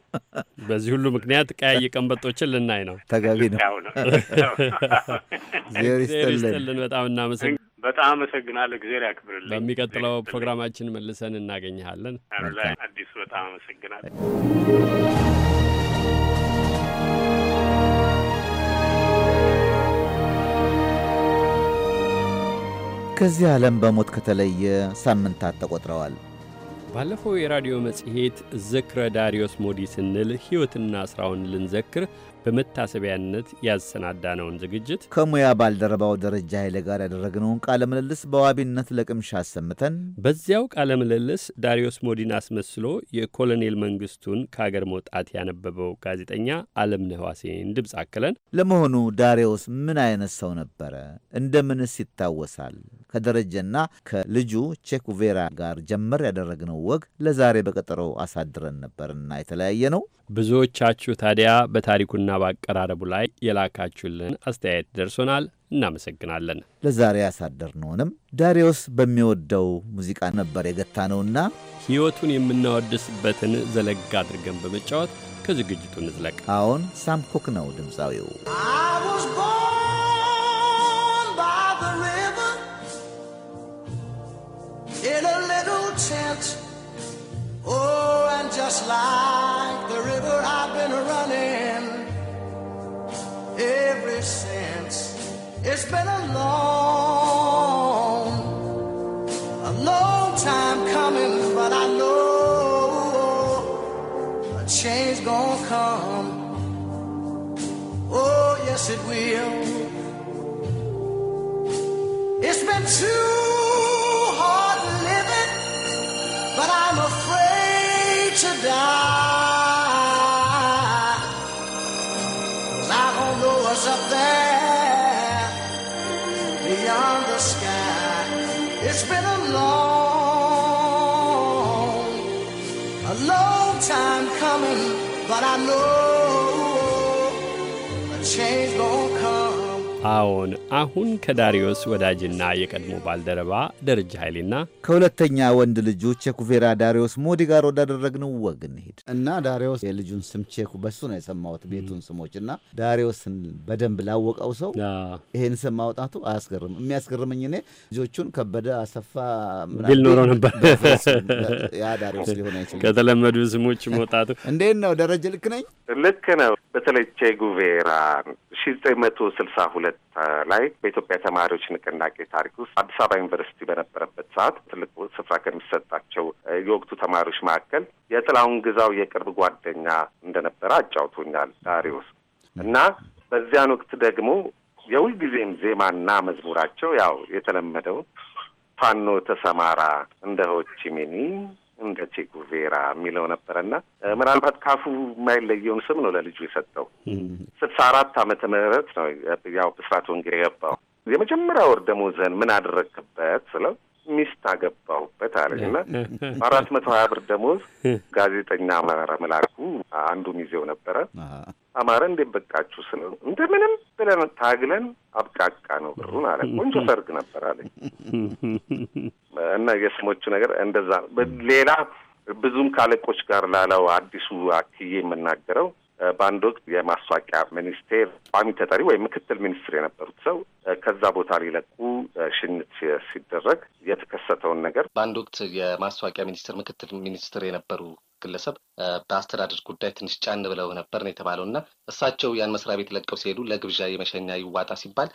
በዚህ ሁሉ ምክንያት ቀያይ ቀንበጦችን ልናይ ነው። ተገቢ ነው ነው ዜር ይስጥልን። በጣም እናመሰግናለን። በጣም አመሰግናለሁ። እግዜር ያክብርልን። በሚቀጥለው ፕሮግራማችን መልሰን እናገኘሃለን። አዲሱ በጣም አመሰግናለሁ። ከዚህ ዓለም በሞት ከተለየ ሳምንታት ተቆጥረዋል። ባለፈው የራዲዮ መጽሔት ዝክረ ዳሪዮስ ሞዲ ስንል ሕይወትና ሥራውን ልንዘክር በመታሰቢያነት ያሰናዳነውን ዝግጅት ከሙያ ባልደረባው ደረጃ ኃይለ ጋር ያደረግነውን ቃለ ምልልስ በዋቢነት ለቅምሻ አሰምተን በዚያው ቃለ ምልልስ ዳሪዮስ ሞዲን አስመስሎ የኮሎኔል መንግስቱን ከአገር መውጣት ያነበበው ጋዜጠኛ አለምነህ ዋሴን ድምፅ አክለን፣ ለመሆኑ ዳሪዮስ ምን አይነት ሰው ነበረ? እንደምንስ ይታወሳል? ከደረጀና ከልጁ ቼኩቬራ ጋር ጀመር ያደረግነው ወግ ለዛሬ በቀጠሮ አሳድረን ነበርና የተለያየ ነው። ብዙዎቻችሁ ታዲያ በታሪኩና በአቀራረቡ ላይ የላካችሁልን አስተያየት ደርሶናል። እናመሰግናለን። ለዛሬ ያሳደርነውንም ዳሪዮስ በሚወደው ሙዚቃ ነበር የገታነውና ሕይወቱን የምናወድስበትን ዘለግ አድርገን በመጫወት ከዝግጅቱ እንዝለቅ። አዎን፣ ሳምኮክ ነው ድምፃዊው። In a little tent just like the river I've been running ever since. It's been a long, a long time coming, but I know a change gonna come. Oh, yes, it will. It's been too አሁን ከዳሪዮስ ወዳጅና የቀድሞ ባልደረባ ደረጃ ኃይሌና ከሁለተኛ ወንድ ልጁ ቼኩቬራ ዳሪዮስ ሞዲ ጋር ወዳደረግነው ወግ እንሄድ እና ዳሪዮስ የልጁን ስም ቼኩ በሱ ነው የሰማሁት ቤቱን ስሞች እና ዳሪዮስን በደንብ ላወቀው ሰው ይህን ስም ማውጣቱ አያስገርም። የሚያስገርምኝ እኔ ልጆቹን ከበደ አሰፋ ቢል ኖሮ ነበር። ያ ዳሪዮስ ሊሆን አይችልም። ከተለመዱ ስሞች መውጣቱ እንዴት ነው ደረጀ? ልክ ነኝ። ልክ ነው። በተለይ ቼጉቬራ ሺ ዘጠኝ መቶ ስልሳ ሁለት ላይ ላይ በኢትዮጵያ ተማሪዎች ንቅናቄ ታሪክ ውስጥ አዲስ አበባ ዩኒቨርሲቲ በነበረበት ሰዓት ትልቁ ስፍራ ከሚሰጣቸው የወቅቱ ተማሪዎች መካከል የጥላሁን ግዛው የቅርብ ጓደኛ እንደነበረ አጫውቶኛል ዳሪዎስ እና በዚያን ወቅት ደግሞ ጊዜም ዜማና መዝሙራቸው ያው የተለመደው ፋኖ ተሰማራ እንደ ሆቺሚኒ እንደ ጉቬራ ቬራ የሚለው ነበረና ምናልባት ካፉ የማይለየውን ስም ነው ለልጁ የሰጠው። ስልሳ አራት ዓመተ ምህረት ነው ያው ብስራት ወንጌል የገባው። የመጀመሪያ ወር ደሞዝህን ምን አደረግክበት ስለው ሚስት አገባውበት አለች እና በአራት መቶ ሀያ ብር ደሞዝ ጋዜጠኛ አማራ መላኩ አንዱ ሚዜው ነበረ። አማረ እንዴት በቃችሁ ስለ እንደምንም ብለን ታግለን አብቃቃ ነው ብሩን አለ። ቆንጆ ሰርግ ነበር አለኝ እና የስሞቹ ነገር እንደዛ ሌላ ብዙም ካለቆች ጋር ላለው አዲሱ አክዬ የምናገረው በአንድ ወቅት የማስታወቂያ ሚኒስቴር ቋሚ ተጠሪ ወይም ምክትል ሚኒስትር የነበሩት ሰው ከዛ ቦታ ሊለቁ ሽኝት ሲደረግ የተከሰተውን ነገር በአንድ ወቅት የማስታወቂያ ሚኒስትር ምክትል ሚኒስትር የነበሩ ግለሰብ በአስተዳደር ጉዳይ ትንሽ ጫን ብለው ነበር ነው የተባለው እና እሳቸው ያን መስሪያ ቤት ለቀው ሲሄዱ ለግብዣ የመሸኛ ይዋጣ ሲባል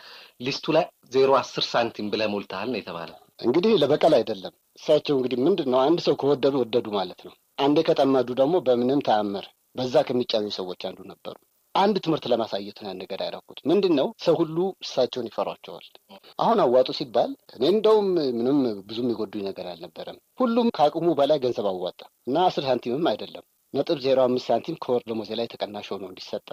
ሊስቱ ላይ ዜሮ አስር ሳንቲም ብለህ ሞልተሃል ነው የተባለ። እንግዲህ ለበቀል አይደለም። እሳቸው እንግዲህ ምንድን ነው አንድ ሰው ከወደዱ ወደዱ ማለት ነው። አንዴ ከጠመዱ ደግሞ በምንም ተአምር በዛ ከሚጫኙ ሰዎች አንዱ ነበሩ። አንድ ትምህርት ለማሳየት ነው ያነገር ያደረኩት። ምንድን ነው ሰው ሁሉ እሳቸውን ይፈሯቸዋል። አሁን አዋጡ ሲባል እኔ እንደውም ምንም ብዙም የጎዱኝ ነገር አልነበረም። ሁሉም ከአቅሙ በላይ ገንዘብ አዋጣ እና አስር ሳንቲምም አይደለም ነጥብ ዜሮ አምስት ሳንቲም ከወር ደሞዜ ላይ ተቀናሽ ሆኖ እንዲሰጠ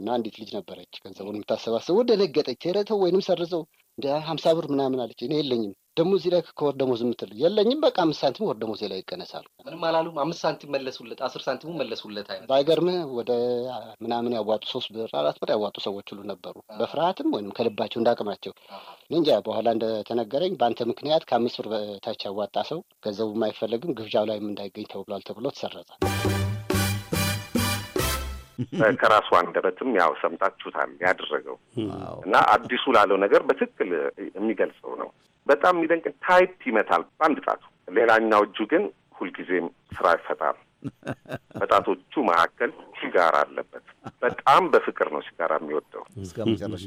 እና እንዴት ልጅ ነበረች ገንዘቡን የምታሰባስበው። ደነገጠች። ኧረ ወይንም ሰርዘው እንደ ሀምሳ ብር ምናምን አለች። እኔ የለኝም ደሞዝ ላይ ከወር ደሞዝ የምትል የለኝም። በቃ አምስት ሳንቲም ወር ደሞዝ ላይ ይቀነሳል። ምንም አላሉም። አምስት ሳንቲም መለሱለት፣ አስር ሳንቲሙ መለሱለት። አይነት ባይገርምህ ወደ ምናምን ያዋጡ ሶስት ብር አራት ብር ያዋጡ ሰዎች ሁሉ ነበሩ። በፍርሃትም ወይም ከልባቸው እንዳቅማቸው እንጃ። በኋላ እንደተነገረኝ በአንተ ምክንያት ከአምስት ብር በታች ያዋጣ ሰው ገንዘቡም አይፈለግም ግብዣው ላይም እንዳይገኝ ተብሏል ተብሎ ተሰረዘ። ከራሱ አንደበትም ያው ሰምታችሁታል ያደረገው እና አዲሱ ላለው ነገር በትክክል የሚገልጸው ነው። በጣም የሚደንቅ ታይፕ ይመታል በአንድ ጣቱ፣ ሌላኛው እጁ ግን ሁልጊዜም ስራ ይፈጣል። (laughs) በጣቶቹ መካከል ሲጋራ አለበት። በጣም በፍቅር ነው ሲጋራ የሚወደው። እስከ መጨረሻ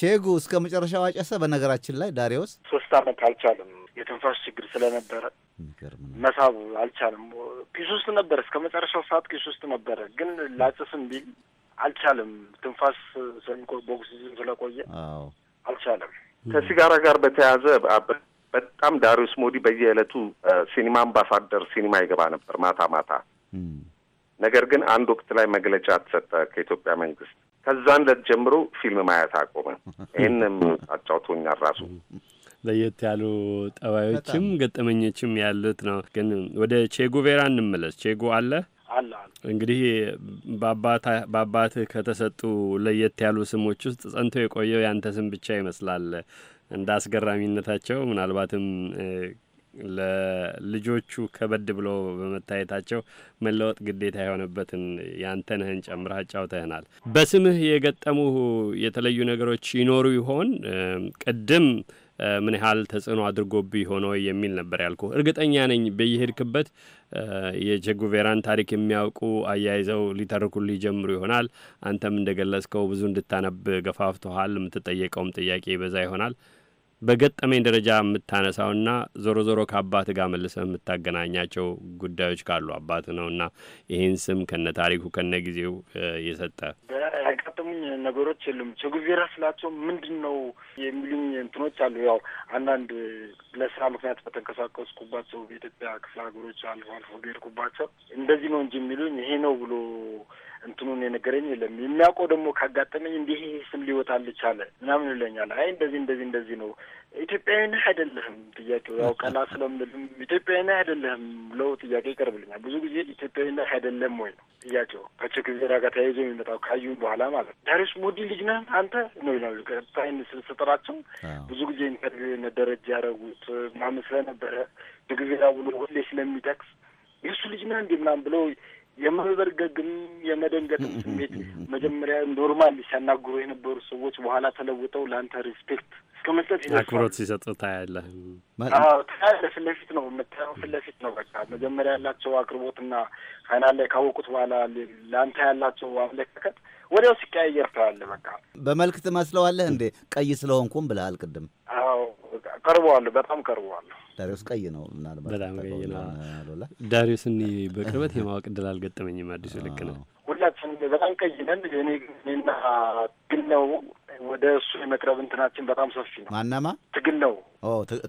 ቼጉ እስከ መጨረሻው አጨሰ። በነገራችን ላይ ዳሬዎስ ሶስት አመት አልቻለም። የትንፋሽ ችግር ስለነበረ መሳብ አልቻለም። ኪስ ውስጥ ነበረ፣ እስከ መጨረሻው ሰዓት ኪስ ውስጥ ነበረ። ግን ላጨስም ቢል አልቻለም። ትንፋስ ስለሚቆ ቦክስ ስለቆየ አልቻለም። ከሲጋራ ጋር በተያያዘ በጣም ዳሪዮስ ሞዲ በየዕለቱ ሲኒማ አምባሳደር ሲኒማ ይገባ ነበር ማታ ማታ። ነገር ግን አንድ ወቅት ላይ መግለጫ ተሰጠ ከኢትዮጵያ መንግስት። ከዛን ዕለት ጀምሮ ፊልም ማየት አቆመ። ይህንም አጫውቶኛል ራሱ ለየት ያሉ ጠባዮችም ገጠመኞችም ያሉት ነው። ግን ወደ ቼጉቬራ እንመለስ። ቼጉ አለ አለ አለ። እንግዲህ በአባትህ ከተሰጡ ለየት ያሉ ስሞች ውስጥ ጸንቶ የቆየው ያንተ ስም ብቻ ይመስላል። እንደ አስገራሚነታቸው ምናልባትም ለልጆቹ ከበድ ብሎ በመታየታቸው መለወጥ ግዴታ የሆነበትን ነህን ጨምረህ አጫውተህናል። በስምህ የገጠሙ የተለዩ ነገሮች ይኖሩ ይሆን? ቅድም ምን ያህል ተጽዕኖ አድርጎብህ ሆኖ የሚል ነበር ያልኩ። እርግጠኛ ነኝ በየሄድክበት የቼጉቬራን ታሪክ የሚያውቁ አያይዘው ሊተርኩል ሊጀምሩ ይሆናል። አንተም እንደገለጽከው ብዙ እንድታነብ ገፋፍተሃል። የምትጠየቀውም ጥያቄ በዛ ይሆናል። በገጠመኝ ደረጃ የምታነሳውና ዞሮ ዞሮ ከአባት ጋር መልሰህ የምታገናኛቸው ጉዳዮች ካሉ አባት ነውና ይህን ስም ከነ ታሪኩ ከነ ጊዜው የሰጠ ያጋጠሙኝ ነገሮች የሉም። ቼጉቬራ ስላቸው ምንድን ነው የሚሉኝ እንትኖች አሉ። ያው አንዳንድ ለስራ ምክንያት በተንቀሳቀስኩባቸው በኢትዮጵያ ክፍለ ሀገሮች አልፎ አልፎ ብሄድኩባቸው እንደዚህ ነው እንጂ የሚሉኝ ይሄ ነው ብሎ እንትኑን የነገረኝ የለም። የሚያውቀው ደግሞ ካጋጠመኝ እንዲህ ስም ሊወጣ ልቻለ ምናምን ይለኛል። አይ እንደዚህ እንደዚህ እንደዚህ ነው ኢትዮጵያዊን አይደለህም ጥያቄው ያው ቀላ ስለምልም ኢትዮጵያዊን አይደለህም ብለው ጥያቄ ይቀርብልኛል። ብዙ ጊዜ ኢትዮጵያዊን አይደለም ወይ ነው ጥያቄው ከቼክ ዜራ ጋር ተያይዞ የሚመጣው ካዩን በኋላ ማለት ነው። ዳሪስ ሞዲ ልጅ ነህ አንተ ነው ይላሉ። ቀጣይን ስጠራቸው ብዙ ጊዜ ኢንተርቪው ደረጃ ያደረጉት ምናምን ስለነበረ ብሎ ሁሌ ስለሚጠቅስ የእሱ ልጅ ነህ እንዲ ምናምን ብለው የመበርገግም የመደንገጥም (laughs) ስሜት መጀመሪያ ኖርማል ሲያናግሩ የነበሩ ሰዎች በኋላ ተለውጠው ለአንተ ሪስፔክት እስከ መስጠት አክብሮት ሲሰጡ ታያለህ። ታያለህ። ፊት ለፊት ነው የምታየው፣ ፊት ለፊት ነው በቃ መጀመሪያ ያላቸው አቅርቦትና ፋይናል ላይ ካወቁት በኋላ ለአንተ ያላቸው አመለካከት ወዲያው ሲቀያየር ታያለህ። በቃ በመልክ ትመስለዋለህ እንዴ? ቀይ ስለሆንኩም ብለሃል ቅድም። አዎ ቀርበዋለሁ፣ በጣም ቀርበዋለሁ። ዳሪዮስ ቀይ ነው። ምናልባት በጣም ቀይ ነው። ዳሪዮስ እኔ በቅርበት የማወቅ እድል አልገጠመኝም። አዲሱ ልክ ነው። ሁላችንም በጣም ቀይ ነን። እኔ እኔና ግን ነው ወደ እሱ የመቅረብ እንትናችን በጣም ሰፊ ነው። ማነማ ትግል ነው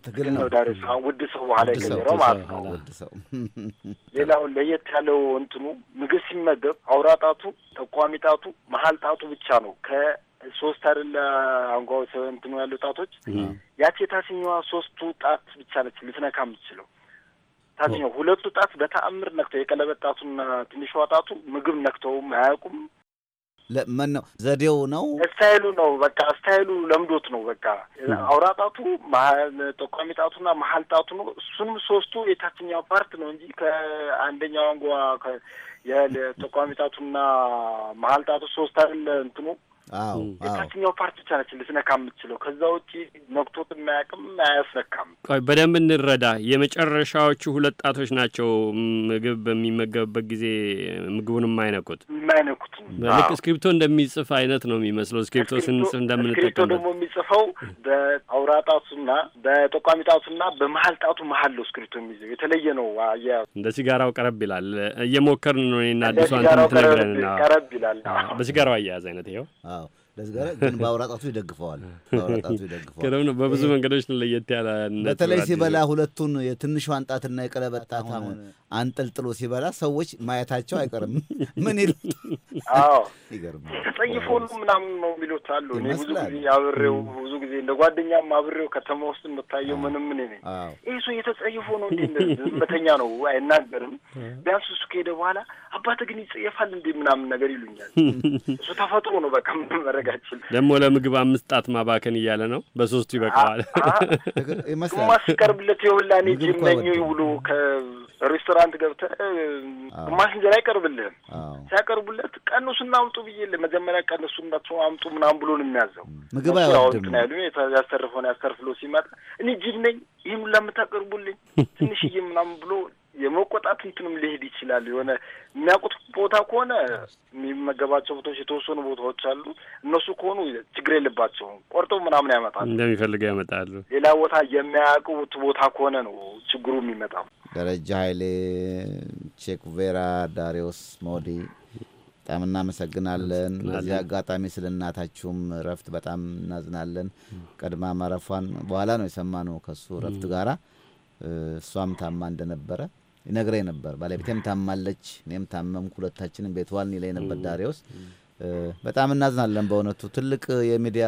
ትግል ነው። ዳሬ ሰው ውድ ሰው በኋላ የገኘረው ማለት ነው። ውድ ሰው (laughs) ሌላውን ለየት ያለው እንትኑ ምግብ ሲመገብ አውራ ጣቱ፣ ጠቋሚ ጣቱ፣ መሀል ጣቱ ብቻ ነው ከሶስት አይደለ አንጓው እንትኑ ያሉ ጣቶች ያቺ የታችኛዋ ሶስቱ ጣት ብቻ ነች ልትነካ የምትችለው ታችኛው ሁለቱ ጣት በተአምር ነክተው የቀለበት ጣቱና ትንሿ ጣቱ ምግብ ነክተውም አያውቁም። ለምን ነው ዘዴው ነው ስታይሉ ነው በቃ ስታይሉ ለምዶት ነው በቃ አውራ ጣቱ ጠቋሚ ጣቱና መሀል ጣቱ ነው እሱንም ሶስቱ የታችኛው ፓርት ነው እንጂ ከአንደኛው አንጓ የጠቋሚ ጣቱና መሀል ጣቱ ሶስት አይደለ እንትኑ የታችኛው ፓርት ብቻ ነች ልስነካ የምትችለው ከዛ ውጪ ነክቶት የማያውቅም አያስነካም በደንብ እንረዳ። የመጨረሻዎቹ ሁለት ጣቶች ናቸው ምግብ በሚመገብበት ጊዜ ምግቡን የማይነኩት የማይነኩት። እስክሪፕቶ እንደሚጽፍ አይነት ነው የሚመስለው። እስክሪፕቶ ስንጽፍ እንደምንጠቀምበት እስክሪፕቶ ደግሞ የሚጽፈው በአውራ ጣቱና በጠቋሚ ጣቱና በመሀል ጣቱ መሀል ነው እስክሪፕቶ የሚይዘው። የተለየ ነው አያያዙ። እንደ ሲጋራው ቀረብ ይላል። እየሞከርን ነው እኔና አዲሱ አንተ ምትነግረን። ቀረብ ይላል። በሲጋራው አያያዝ አይነት ይኸው ለዝጋራ ግን በአውራጣቱ ይደግፈዋል። ይደግፈዋል። በብዙ መንገዶች ለየት ያለ በተለይ ሲበላ ሁለቱን የትንሿን ጣትና የቀለበት ጣት አሁን አንጠልጥሎ ሲበላ ሰዎች ማየታቸው አይቀርም። (laughs) ምን ይሉት ይገርማል። ተጠይፎሉ ምናምን ነው የሚሉት አሉ። እኔ ብዙ ጊዜ አብሬው ብዙ ጊዜ እንደ ጓደኛም አብሬው ከተማ ውስጥ የምታየው ምንም ምን ነኝ ይህ ሰው የተጸይፎ ነው እንዴ? ዝምተኛ ነው አይናገርም። ቢያንስ እሱ ከሄደ በኋላ አባት ግን ይጸየፋል እንዴ ምናምን ነገር ይሉኛል። (laughs) እሱ ተፈጥሮ ነው በቃ ምንመረ አልተዘጋጅም። ደግሞ ለምግብ አምስት ጣት ማባከን እያለ ነው። በሶስቱ ይበቃዋል። ግማሽ ሲቀርብለት የወላኔ ጅመኙ ይውሉ ከሬስቶራንት ገብተህ ግማሽ እንጀራ አይቀርብልህም። ሲያቀርቡለት ቀንሱና አምጡ ብዬ መጀመሪያ ቀንሱና አምጡ ምናምን ብሎ ነው የሚያዘው። ምግብ አይወድም ያሉ ያስተርፈውን ያስተርፍሎ ሲመጣ እኔ ጅግ ነኝ ይህም ሁላ የምታቀርቡልኝ ትንሽዬ ምናምን ብሎ የመቆጣት እንትንም ሊሄድ ይችላል። የሆነ የሚያውቁት ቦታ ከሆነ የሚመገባቸው ቦታዎች የተወሰኑ ቦታዎች አሉ። እነሱ ከሆኑ ችግር የለባቸውም። ቆርጠው ምናምን ያመጣሉ፣ እንደሚፈልገው ያመጣሉ። ሌላ ቦታ የሚያውቁት ቦታ ከሆነ ነው ችግሩ የሚመጣው። ደረጃ ኃይሌ፣ ቼኩቬራ፣ ዳሪዮስ ሞዲ በጣም እናመሰግናለን። በዚህ አጋጣሚ ስለ እናታችሁም እረፍት በጣም እናዝናለን። ቀድማ ማረፏን በኋላ ነው የሰማነው ከሱ እረፍት ጋራ እሷም ታማ እንደነበረ ይነግረኝ ነበር። ባለቤቴም ታማለች፣ እኔም ታመምኩ፣ ሁለታችንም ቤት ዋልን ይለኝ ነበር ዳሬውስ። በጣም እናዝናለን በእውነቱ ትልቅ የሚዲያ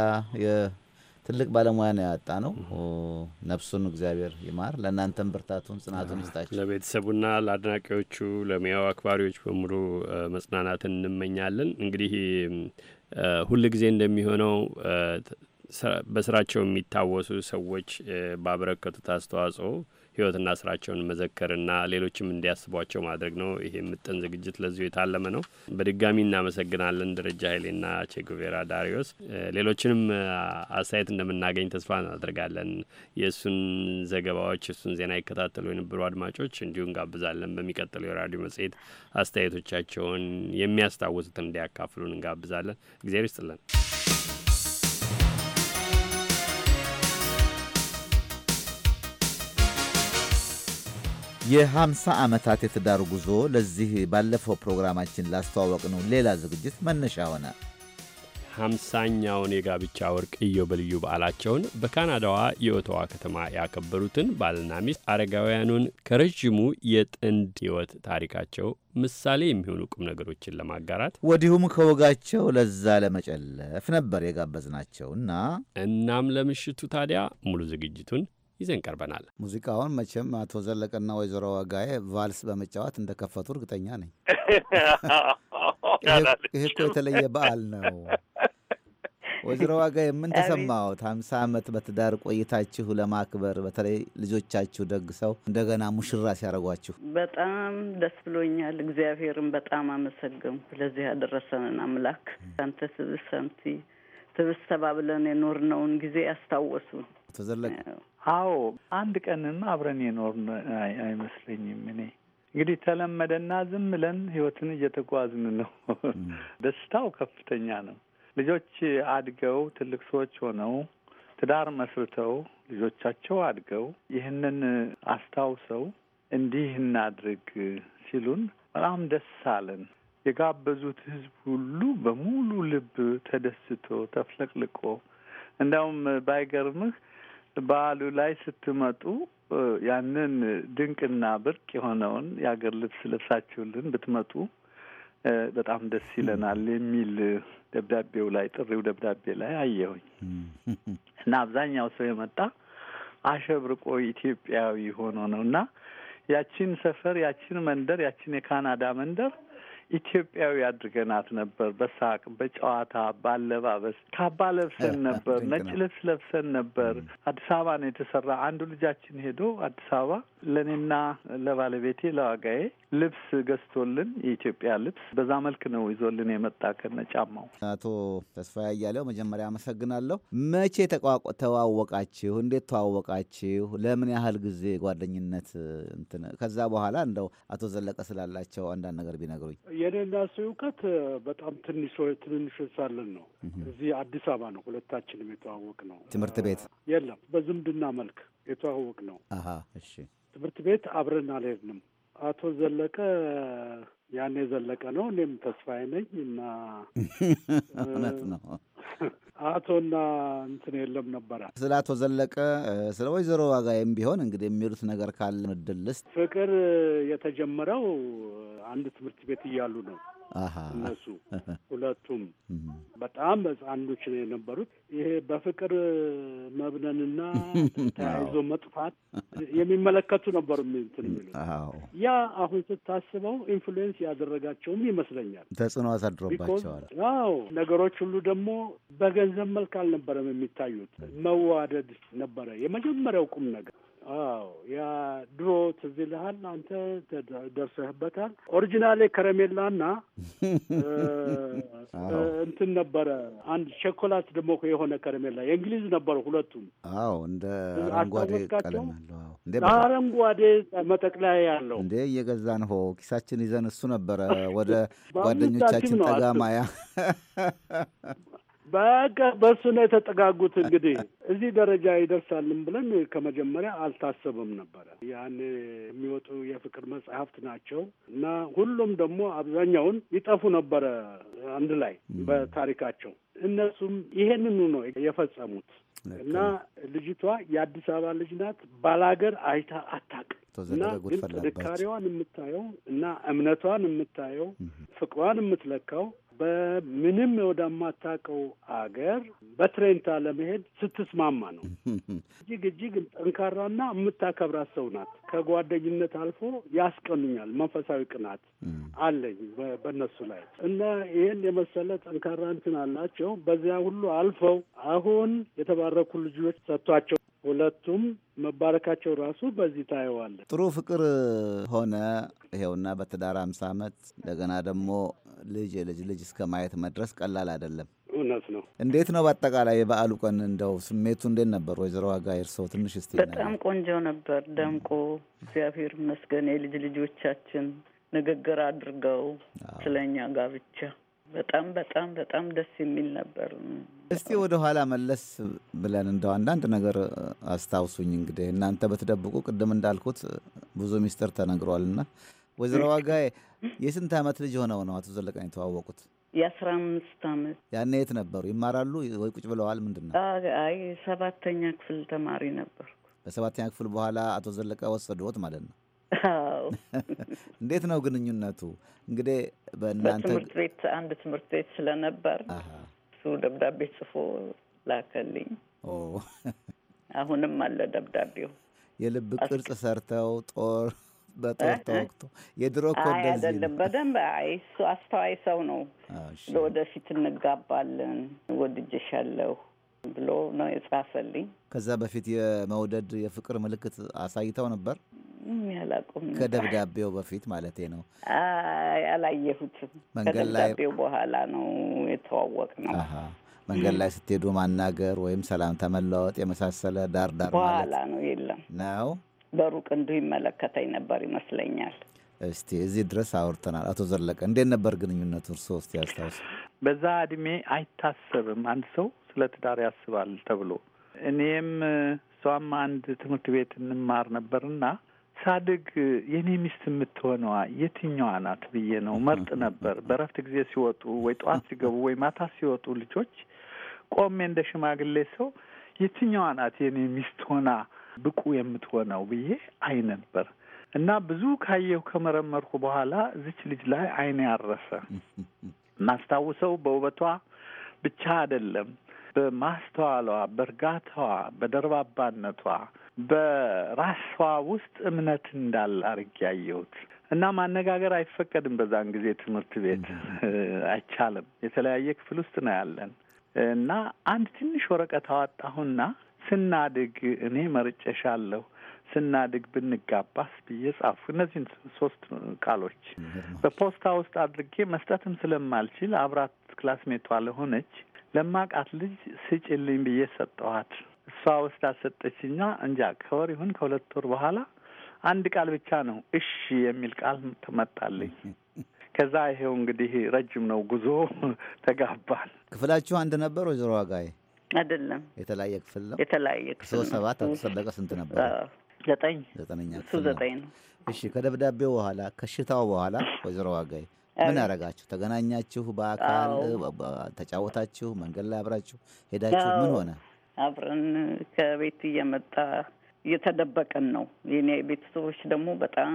ትልቅ ባለሙያ ነው ያጣ ነው። ነፍሱን እግዚአብሔር ይማር። ለእናንተም ብርታቱን ጽናቱን ይስጣችሁ። ለቤተሰቡና ለአድናቂዎቹ ለሙያው አክባሪዎች በሙሉ መጽናናትን እንመኛለን። እንግዲህ ሁል ጊዜ እንደሚሆነው በስራቸው የሚታወሱ ሰዎች ባበረከቱት አስተዋጽኦ ህይወትና ስራቸውን መዘከርና ሌሎችም እንዲያስቧቸው ማድረግ ነው። ይሄ ምጥን ዝግጅት ለዚሁ የታለመ ነው። በድጋሚ እናመሰግናለን ደረጃ ኃይሌና ቼጉቬራ ዳሪዮስ። ሌሎችንም አስተያየት እንደምናገኝ ተስፋ እናደርጋለን። የእሱን ዘገባዎች እሱን ዜና ይከታተሉ የነበሩ አድማጮች እንዲሁ እንጋብዛለን። በሚቀጥለው የራዲዮ መጽሔት አስተያየቶቻቸውን የሚያስታውሱትን እንዲያካፍሉን እንጋብዛለን። እግዚአብሔር ይስጥልን። የ50 ዓመታት የትዳር ጉዞ ለዚህ ባለፈው ፕሮግራማችን ላስተዋወቅ ነው ሌላ ዝግጅት መነሻ ሆነ። ሀምሳኛውን የጋብቻ ወርቅ ኢዮቤልዩ በዓላቸውን በካናዳዋ የኦቶዋ ከተማ ያከበሩትን ባልና ሚስት አረጋውያኑን ከረዥሙ የጥንድ ሕይወት ታሪካቸው ምሳሌ የሚሆኑ ቁም ነገሮችን ለማጋራት ወዲሁም ከወጋቸው ለዛ ለመጨለፍ ነበር የጋበዝናቸው እና እናም ለምሽቱ ታዲያ ሙሉ ዝግጅቱን ይዘን ቀርበናል። ሙዚቃውን መቼም አቶ ዘለቀና ወይዘሮ ወጋዬ ቫልስ በመጫወት እንደከፈቱ እርግጠኛ ነኝ። (laughs) ይህ እኮ የተለየ በዓል ነው። ወይዘሮ ዋጋ የምን ተሰማዎት? ሀምሳ ዓመት በትዳር ቆይታችሁ ለማክበር በተለይ ልጆቻችሁ ደግሰው እንደገና ሙሽራ ሲያደርጓችሁ በጣም ደስ ብሎኛል። እግዚአብሔርን በጣም አመሰገንኩ ለዚህ ያደረሰንን አምላክ ሳንተስ ሳንቲ ብለን የኖርነውን ጊዜ ያስታወሱን። ተዘለቀ አዎ፣ አንድ ቀንና አብረን የኖርን አይመስለኝም። እኔ እንግዲህ ተለመደና ዝም ብለን ህይወትን እየተጓዝን ነው። ደስታው ከፍተኛ ነው። ልጆች አድገው ትልቅ ሰዎች ሆነው ትዳር መስርተው ልጆቻቸው አድገው ይህንን አስታውሰው እንዲህ እናድርግ ሲሉን በጣም ደስ አለን። የጋበዙት ህዝብ ሁሉ በሙሉ ልብ ተደስቶ ተፍለቅልቆ እንዳውም ባይገርምህ በዓሉ ላይ ስትመጡ ያንን ድንቅና ብርቅ የሆነውን የሀገር ልብስ ለብሳችሁልን ብትመጡ በጣም ደስ ይለናል የሚል ደብዳቤው ላይ ጥሪው ደብዳቤ ላይ አየሁኝ (laughs) እና አብዛኛው ሰው የመጣ አሸብርቆ ኢትዮጵያዊ ሆኖ ነው እና ያቺን ሰፈር ያቺን መንደር ያቺን የካናዳ መንደር ኢትዮጵያዊ አድርገናት ነበር። በሳቅ በጨዋታ በአለባበስ ካባ ለብሰን ነበር፣ ነጭ ልብስ ለብሰን ነበር። አዲስ አበባ ነው የተሰራ። አንዱ ልጃችን ሄዶ አዲስ አበባ ለእኔና ለባለቤቴ ለዋጋዬ ልብስ ገዝቶልን የኢትዮጵያ ልብስ በዛ መልክ ነው ይዞልን የመጣ ከነ ጫማው። አቶ ተስፋዬ አያሌው መጀመሪያ አመሰግናለሁ። መቼ ተዋወቃችሁ? እንዴት ተዋወቃችሁ? ለምን ያህል ጊዜ ጓደኝነት እንትን? ከዛ በኋላ እንደው አቶ ዘለቀ ስላላቸው አንዳንድ ነገር ቢነግሩኝ። የኔና እሱ እውቀት በጣም ትንሽ ትንንሽ ሳለን ነው። እዚህ አዲስ አበባ ነው ሁለታችንም የተዋወቅ ነው። ትምህርት ቤት የለም፣ በዝምድና መልክ የተዋወቅ ነው። እሺ ትምህርት ቤት አብረን አልሄድንም። አቶ ዘለቀ ያኔ ዘለቀ ነው፣ እኔም ተስፋዬ ነኝ እና እውነት ነው (laughs) አቶና እንትን የለም ነበረ። ስለ አቶ ዘለቀ ስለ ወይዘሮ ዋጋዬም ቢሆን እንግዲህ የሚሉት ነገር ካለ ምድል ፍቅር የተጀመረው አንድ ትምህርት ቤት እያሉ ነው እነሱ (laughs) ሁለቱም በጣም ሕፃኖች ነው የነበሩት። ይሄ በፍቅር መብነንና (laughs) ተያይዞ መጥፋት የሚመለከቱ ነበሩ እንትን የሚሉ ያ አሁን ስታስበው ኢንፍሉዌንስ ያደረጋቸውም ይመስለኛል። ተጽዕኖ አሳድሮባቸዋል። አዎ ነገሮች ሁሉ ደግሞ በገንዘብ መልክ አልነበረም የሚታዩት፣ መዋደድ ነበረ የመጀመሪያው ቁም ነገር። አዎ ያ ድሮ ትዝ ይልሃል አንተ ደርሰህበታል። ኦሪጂናሌ ከረሜላና (laughs) እንትን ነበረ አንድ ቸኮላት ደሞ የሆነ ከረሜላ የእንግሊዝ ነበረ ሁለቱም። አዎ እንደ አረንጓዴ ቀለም ያለው አረንጓዴ መጠቅለያ ያለው እንዴ እየገዛን ሆ ኪሳችን ይዘን እሱ ነበረ ወደ ጓደኞቻችን ጠጋማያ (laughs) በቃ በእሱ ነው የተጠጋጉት። እንግዲህ እዚህ ደረጃ ይደርሳልን ብለን ከመጀመሪያ አልታሰብም ነበረ። ያን የሚወጡ የፍቅር መጽሐፍት ናቸው እና ሁሉም ደግሞ አብዛኛውን ይጠፉ ነበረ አንድ ላይ በታሪካቸው። እነሱም ይሄንኑ ነው የፈጸሙት እና ልጅቷ የአዲስ አበባ ልጅ ናት። ባላገር አይታ አታውቅም። እና ግን ጥንካሬዋን የምታየው እና እምነቷን የምታየው ፍቅሯን የምትለካው በምንም ወደማታውቀው አገር በትሬንታ ለመሄድ ስትስማማ ነው። (laughs) እጅግ እጅግ ጠንካራና የምታከብራት ሰው ናት። ከጓደኝነት አልፎ ያስቀኑኛል። መንፈሳዊ ቅናት አለኝ በእነሱ ላይ እና ይህን የመሰለ ጠንካራ እንትን አላቸው። በዚያ ሁሉ አልፈው አሁን የተባረኩ ልጆች ሰጥቷቸው ሁለቱም መባረካቸው ራሱ በዚህ ታየዋለ። ጥሩ ፍቅር ሆነ ይሄውና፣ በትዳር አምሳ ዓመት እንደገና ደግሞ ልጅ የልጅ ልጅ እስከ ማየት መድረስ ቀላል አይደለም። እውነት ነው። እንዴት ነው በአጠቃላይ የበዓሉ ቀን እንደው ስሜቱ እንዴት ነበር? ወይዘሮ ዋጋ እርስዎ ትንሽ ስ በጣም ቆንጆ ነበር፣ ደምቆ እግዚአብሔር ይመስገን። የልጅ ልጆቻችን ንግግር አድርገው ስለኛ ጋብቻ በጣም በጣም በጣም ደስ የሚል ነበር። እስቲ ወደ ኋላ መለስ ብለን እንደው አንዳንድ ነገር አስታውሱኝ። እንግዲህ እናንተ በተደብቁ ቅድም እንዳልኩት ብዙ ሚስጥር ተነግሯልና ወይዘሮ ዋጋዬ የስንት ዓመት ልጅ ሆነው ነው አቶ ዘለቀን የተዋወቁት? የአስራ አምስት ዓመት ያኔ የት ነበሩ? ይማራሉ ወይ ቁጭ ብለዋል? ምንድን ነው? አይ ሰባተኛ ክፍል ተማሪ ነበርኩ። በሰባተኛ ክፍል በኋላ አቶ ዘለቀ ወሰዱት ማለት ነው? እንዴት ነው ግንኙነቱ? እንግዲህ በእናንተ ትምህርት ቤት አንድ ትምህርት ቤት ስለነበር እሱ ደብዳቤ ጽፎ ላከልኝ። አሁንም አለ ደብዳቤው። የልብ ቅርጽ ሰርተው ጦር በጦር ተወቅቶ የድሮ እኮ አይደለም። በደንብ አይ እሱ አስተዋይ ሰው ነው። ለወደፊት እንጋባለን፣ ወድጄሻለሁ ብሎ ነው የጻፈልኝ። ከዛ በፊት የመውደድ የፍቅር ምልክት አሳይተው ነበር። ያላቁም ከደብዳቤው በፊት ማለት ነው። ያላየሁትም ከደብዳቤው በኋላ ነው የተዋወቅ ነው። መንገድ ላይ ስትሄዱ ማናገር ወይም ሰላም ተመለወጥ የመሳሰለ ዳር በኋላ ነው የለም ነው። በሩቅ እንዲሁ ይመለከተኝ ነበር ይመስለኛል። እስቲ እዚህ ድረስ አውርተናል። አቶ ዘለቀ እንዴት ነበር ግንኙነቱ? እርስዎ እስቲ ያስታውሱ። በዛ እድሜ አይታሰብም አንድ ሰው ስለ ትዳር ያስባል ተብሎ እኔም እሷም አንድ ትምህርት ቤት እንማር ነበርና ሳድግ የኔ ሚስት የምትሆነዋ የትኛዋ ናት ብዬ ነው መርጥ ነበር። በረፍት ጊዜ ሲወጡ ወይ ጠዋት ሲገቡ ወይ ማታ ሲወጡ ልጆች ቆሜ እንደ ሽማግሌ ሰው የትኛዋ ናት የኔ ሚስት ሆና ብቁ የምትሆነው ብዬ አይ ነበር እና ብዙ ካየሁ ከመረመርኩ በኋላ እዚች ልጅ ላይ አይኔ ያረፈ። ማስታውሰው በውበቷ ብቻ አይደለም በማስተዋሏ፣ በእርጋታዋ፣ በደርባባነቷ በራሷ ውስጥ እምነት እንዳለ አድርጌ ያየሁት እና ማነጋገር አይፈቀድም። በዛን ጊዜ ትምህርት ቤት አይቻልም። የተለያየ ክፍል ውስጥ ነው ያለን እና አንድ ትንሽ ወረቀት አወጣሁና ስናድግ እኔ መርጨሻለሁ ስናድግ ብንጋባስ ብዬ ጻፍኩ። እነዚህን ሶስት ቃሎች በፖስታ ውስጥ አድርጌ መስጠትም ስለማልችል አብራት ክላስሜቷ ለሆነች ለማቃት ልጅ ስጭልኝ ብዬ ሰጠኋት። እሷ ወስዳ ሰጠችኛ። እንጃ ከወር ይሁን ከሁለት ወር በኋላ አንድ ቃል ብቻ ነው እሺ የሚል ቃል ትመጣልኝ። (laughs) ከዛ ይሄው እንግዲህ ረጅም ነው ጉዞ (laughs) ተጋባል። ክፍላችሁ አንድ ነበር ወይዘሮ ዋጋዬ? አይደለም፣ የተለያየ ክፍል ነው። የተለያየ ክፍል ሶስት ሰባት አቶ ሰለቀ ስንት ነበር? ዘጠኝ ዘጠነኛ ክፍል ነው። እሺ ከደብዳቤው በኋላ ከሽታው በኋላ ወይዘሮ ዋጋዬ ምን ያደረጋችሁ? ተገናኛችሁ? በአካል ተጫወታችሁ? መንገድ ላይ አብራችሁ ሄዳችሁ? ምን ሆነ? አብረን ከቤት እየመጣ እየተደበቀን ነው። የኔ ቤተሰቦች ደግሞ በጣም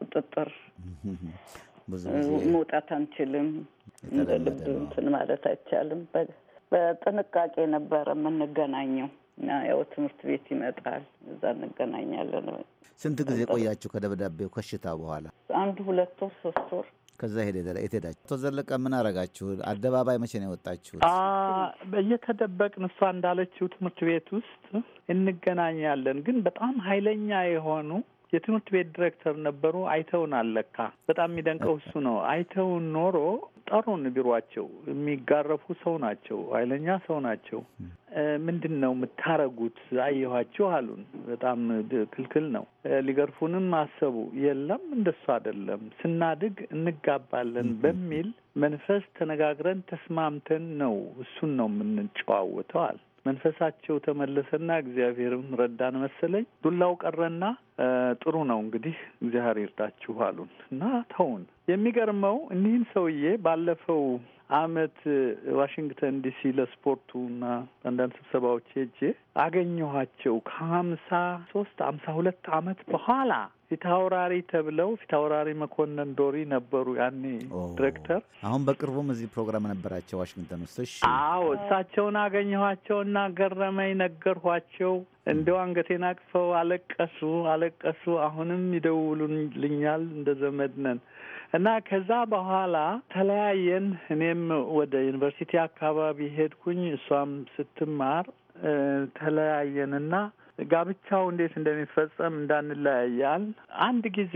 ቁጥጥር፣ (laughs) መውጣት አንችልም፣ እንደ ልብ እንትን ማለት አይቻልም። በጥንቃቄ ነበረ የምንገናኘው እና ያው ትምህርት ቤት ይመጣል፣ እዛ እንገናኛለን። ስንት ጊዜ ቆያችሁ ከደብዳቤው ከሽታ በኋላ? አንድ ሁለት ወር ሶስት ወር ከዛ ሄደ የት ሄዳችሁ? አቶ ምን አረጋችሁ? አደባባይ መቼ ነው የወጣችሁት? እየተደበቅን እሷ እንዳለችው ትምህርት ቤት ውስጥ እንገናኛለን። ግን በጣም ኃይለኛ የሆኑ የትምህርት ቤት ዲሬክተር ነበሩ። አይተውን አለካ በጣም የሚደንቀው እሱ ነው። አይተውን ኖሮ ጠሩን ቢሯቸው። የሚጋረፉ ሰው ናቸው፣ ኃይለኛ ሰው ናቸው። ምንድን ነው የምታረጉት? አየኋችሁ አሉን። በጣም ክልክል ነው። ሊገርፉንም አሰቡ። የለም እንደሱ አይደለም፣ ስናድግ እንጋባለን በሚል መንፈስ ተነጋግረን ተስማምተን ነው እሱን ነው የምንጨዋወተዋል መንፈሳቸው ተመለሰና እግዚአብሔርም ረዳን መሰለኝ። ዱላው ቀረና ጥሩ ነው እንግዲህ እግዚአብሔር ይርዳችሁ አሉን እና ተውን። የሚገርመው እኒህን ሰውዬ ባለፈው አመት ዋሽንግተን ዲሲ ለስፖርቱና አንዳንድ ስብሰባዎች ሄጄ አገኘኋቸው። ከሀምሳ ሶስት ሀምሳ ሁለት አመት በኋላ ፊታውራሪ ተብለው ፊታውራሪ መኮንን ዶሪ ነበሩ ያኔ ዲሬክተር። አሁን በቅርቡም እዚህ ፕሮግራም ነበራቸው ዋሽንግተን ውስጥ። እሺ፣ አዎ እሳቸውን አገኘኋቸውና ገረመኝ፣ ነገርኋቸው። እንደው አንገቴን አቅፈው አለቀሱ አለቀሱ። አሁንም ይደውሉልኛል እንደ ዘመድ ነን እና ከዛ በኋላ ተለያየን። እኔም ወደ ዩኒቨርሲቲ አካባቢ ሄድኩኝ፣ እሷም ስትማር ተለያየን እና ጋብቻው እንዴት እንደሚፈጸም እንዳንለያያል። አንድ ጊዜ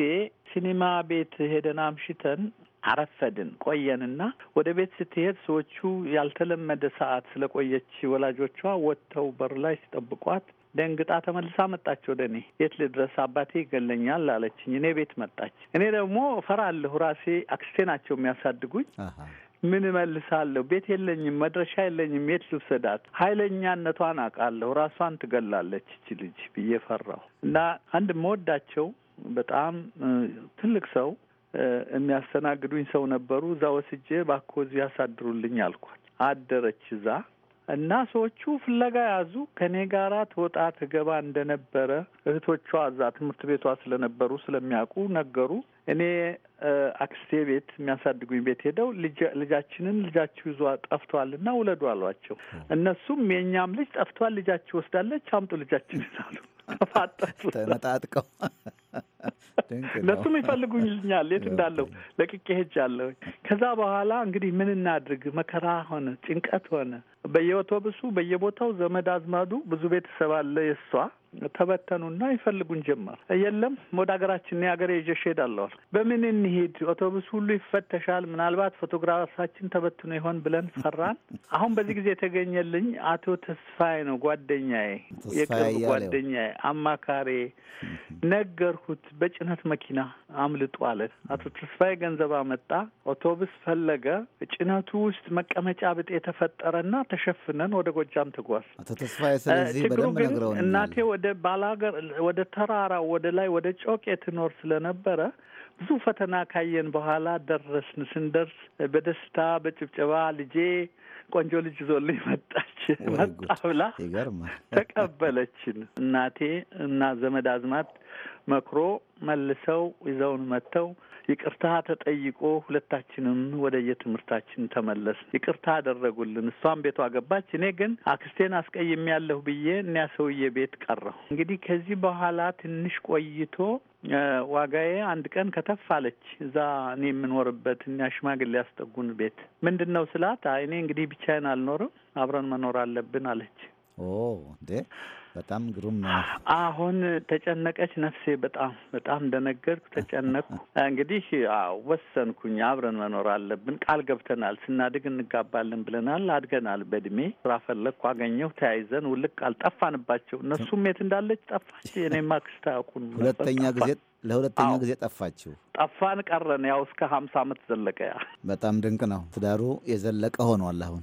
ሲኒማ ቤት ሄደን አምሽተን አረፈድን ቆየንና ወደ ቤት ስትሄድ ሰዎቹ ያልተለመደ ሰዓት ስለቆየች ወላጆቿ ወጥተው በር ላይ ሲጠብቋት ደንግጣ ተመልሳ መጣች ወደ እኔ። የት ልድረስ አባቴ ይገለኛል አለችኝ። እኔ ቤት መጣች። እኔ ደግሞ እፈራለሁ። ራሴ አክስቴ ናቸው የሚያሳድጉኝ። ምን እመልሳለሁ? ቤት የለኝም፣ መድረሻ የለኝም። የት ልውሰዳት? ኃይለኛነቷን አውቃለሁ። ራሷን ትገላለች እች ልጅ ብዬ ፈራሁ እና አንድ መወዳቸው በጣም ትልቅ ሰው የሚያስተናግዱኝ ሰው ነበሩ። እዛ ወስጄ ባኮ እዚህ ያሳድሩልኝ አልኳት። አደረች እዛ እና ሰዎቹ ፍለጋ ያዙ። ከእኔ ጋር ትወጣ ትገባ እንደነበረ እህቶቿ እዛ ትምህርት ቤቷ ስለነበሩ ስለሚያውቁ ነገሩ። እኔ አክስቴ ቤት የሚያሳድጉኝ ቤት ሄደው ልጃችንን ልጃችሁ ይዟ ጠፍቷል እና ውለዱ አሏቸው። እነሱም የእኛም ልጅ ጠፍቷል፣ ልጃችሁ ወስዳለች፣ አምጡ ልጃችን ይዛሉ። ተፋጠጡ፣ ተነጣጥቀው እነሱም ይፈልጉኛል የት እንዳለው ለቅቄ ሄጃለሁ። ከዛ በኋላ እንግዲህ ምን እናድርግ፣ መከራ ሆነ፣ ጭንቀት ሆነ። በየአውቶቡሱ በየቦታው ዘመድ አዝማዱ ብዙ ቤተሰብ አለ የእሷ ተበተኑና ይፈልጉን ጀመር። የለም ወደ ሀገራችን እኔ ሀገሬ ይዤሽ እሄዳለሁ። በምን እንሂድ? አውቶቡስ ሁሉ ይፈተሻል። ምናልባት ፎቶግራፋችን ተበትኖ ይሆን ብለን ፈራን። አሁን በዚህ ጊዜ የተገኘልኝ አቶ ተስፋዬ ነው ጓደኛዬ፣ የቅርብ ጓደኛዬ፣ አማካሬ ነገርኩት። በጭነት መኪና አምልጦ አለ። አቶ ተስፋዬ ገንዘብ አመጣ፣ አውቶቡስ ፈለገ። ጭነቱ ውስጥ መቀመጫ ብጤ ተፈጠረና ተሸፍነን ወደ ጎጃም ትጓዝ አቶ ተስፋዬ ስለዚህ በደንብ ነግረውናል። እናቴ ወደ ወደ ባላገር ወደ ተራራ ወደ ላይ ወደ ጮቄ ትኖር ስለነበረ ብዙ ፈተና ካየን በኋላ ደረስን። ስንደርስ በደስታ በጭብጨባ ልጄ ቆንጆ ልጅ ዞልኝ መጣች መጣ ብላ ተቀበለችን። እናቴ እና ዘመድ አዝማት መክሮ መልሰው ይዘውን መጥተው ይቅርታ ተጠይቆ ሁለታችንም ወደ የትምህርታችን ተመለስ። ይቅርታ አደረጉልን። እሷም ቤቷ ገባች። እኔ ግን አክስቴን አስቀይሜያለሁ ብዬ እኒያ ሰውዬ ቤት ቀረሁ። እንግዲህ ከዚህ በኋላ ትንሽ ቆይቶ ዋጋዬ አንድ ቀን ከተፍ አለች። እዛ እኔ የምኖርበት እኒያ ሽማግሌ ያስጠጉን ቤት ምንድን ነው ስላት፣ እኔ እንግዲህ ብቻዬን አልኖርም አብረን መኖር አለብን አለች። ኦ እንዴ በጣም ግሩም ነው። አሁን ተጨነቀች ነፍሴ በጣም በጣም ደነገርኩ፣ ተጨነቅኩ። (laughs) እንግዲህ ወሰንኩኝ፣ አብረን መኖር አለብን። ቃል ገብተናል፣ ስናድግ እንጋባለን ብለናል። አድገናል በእድሜ ስራ ፈለግኩ፣ አገኘሁ፣ ተያይዘን ውልቅ አልጠፋንባቸው። እነሱም የት እንዳለች ጠፋች። እኔማ ክስታ ያውቁን ሁለተኛ ጊዜ ለሁለተኛ ጊዜ ጠፋችሁ? ጠፋን ቀረን። ያው እስከ ሀምሳ ዓመት ዘለቀ። ያ በጣም ድንቅ ነው። ትዳሩ የዘለቀ ሆኗል። አሁን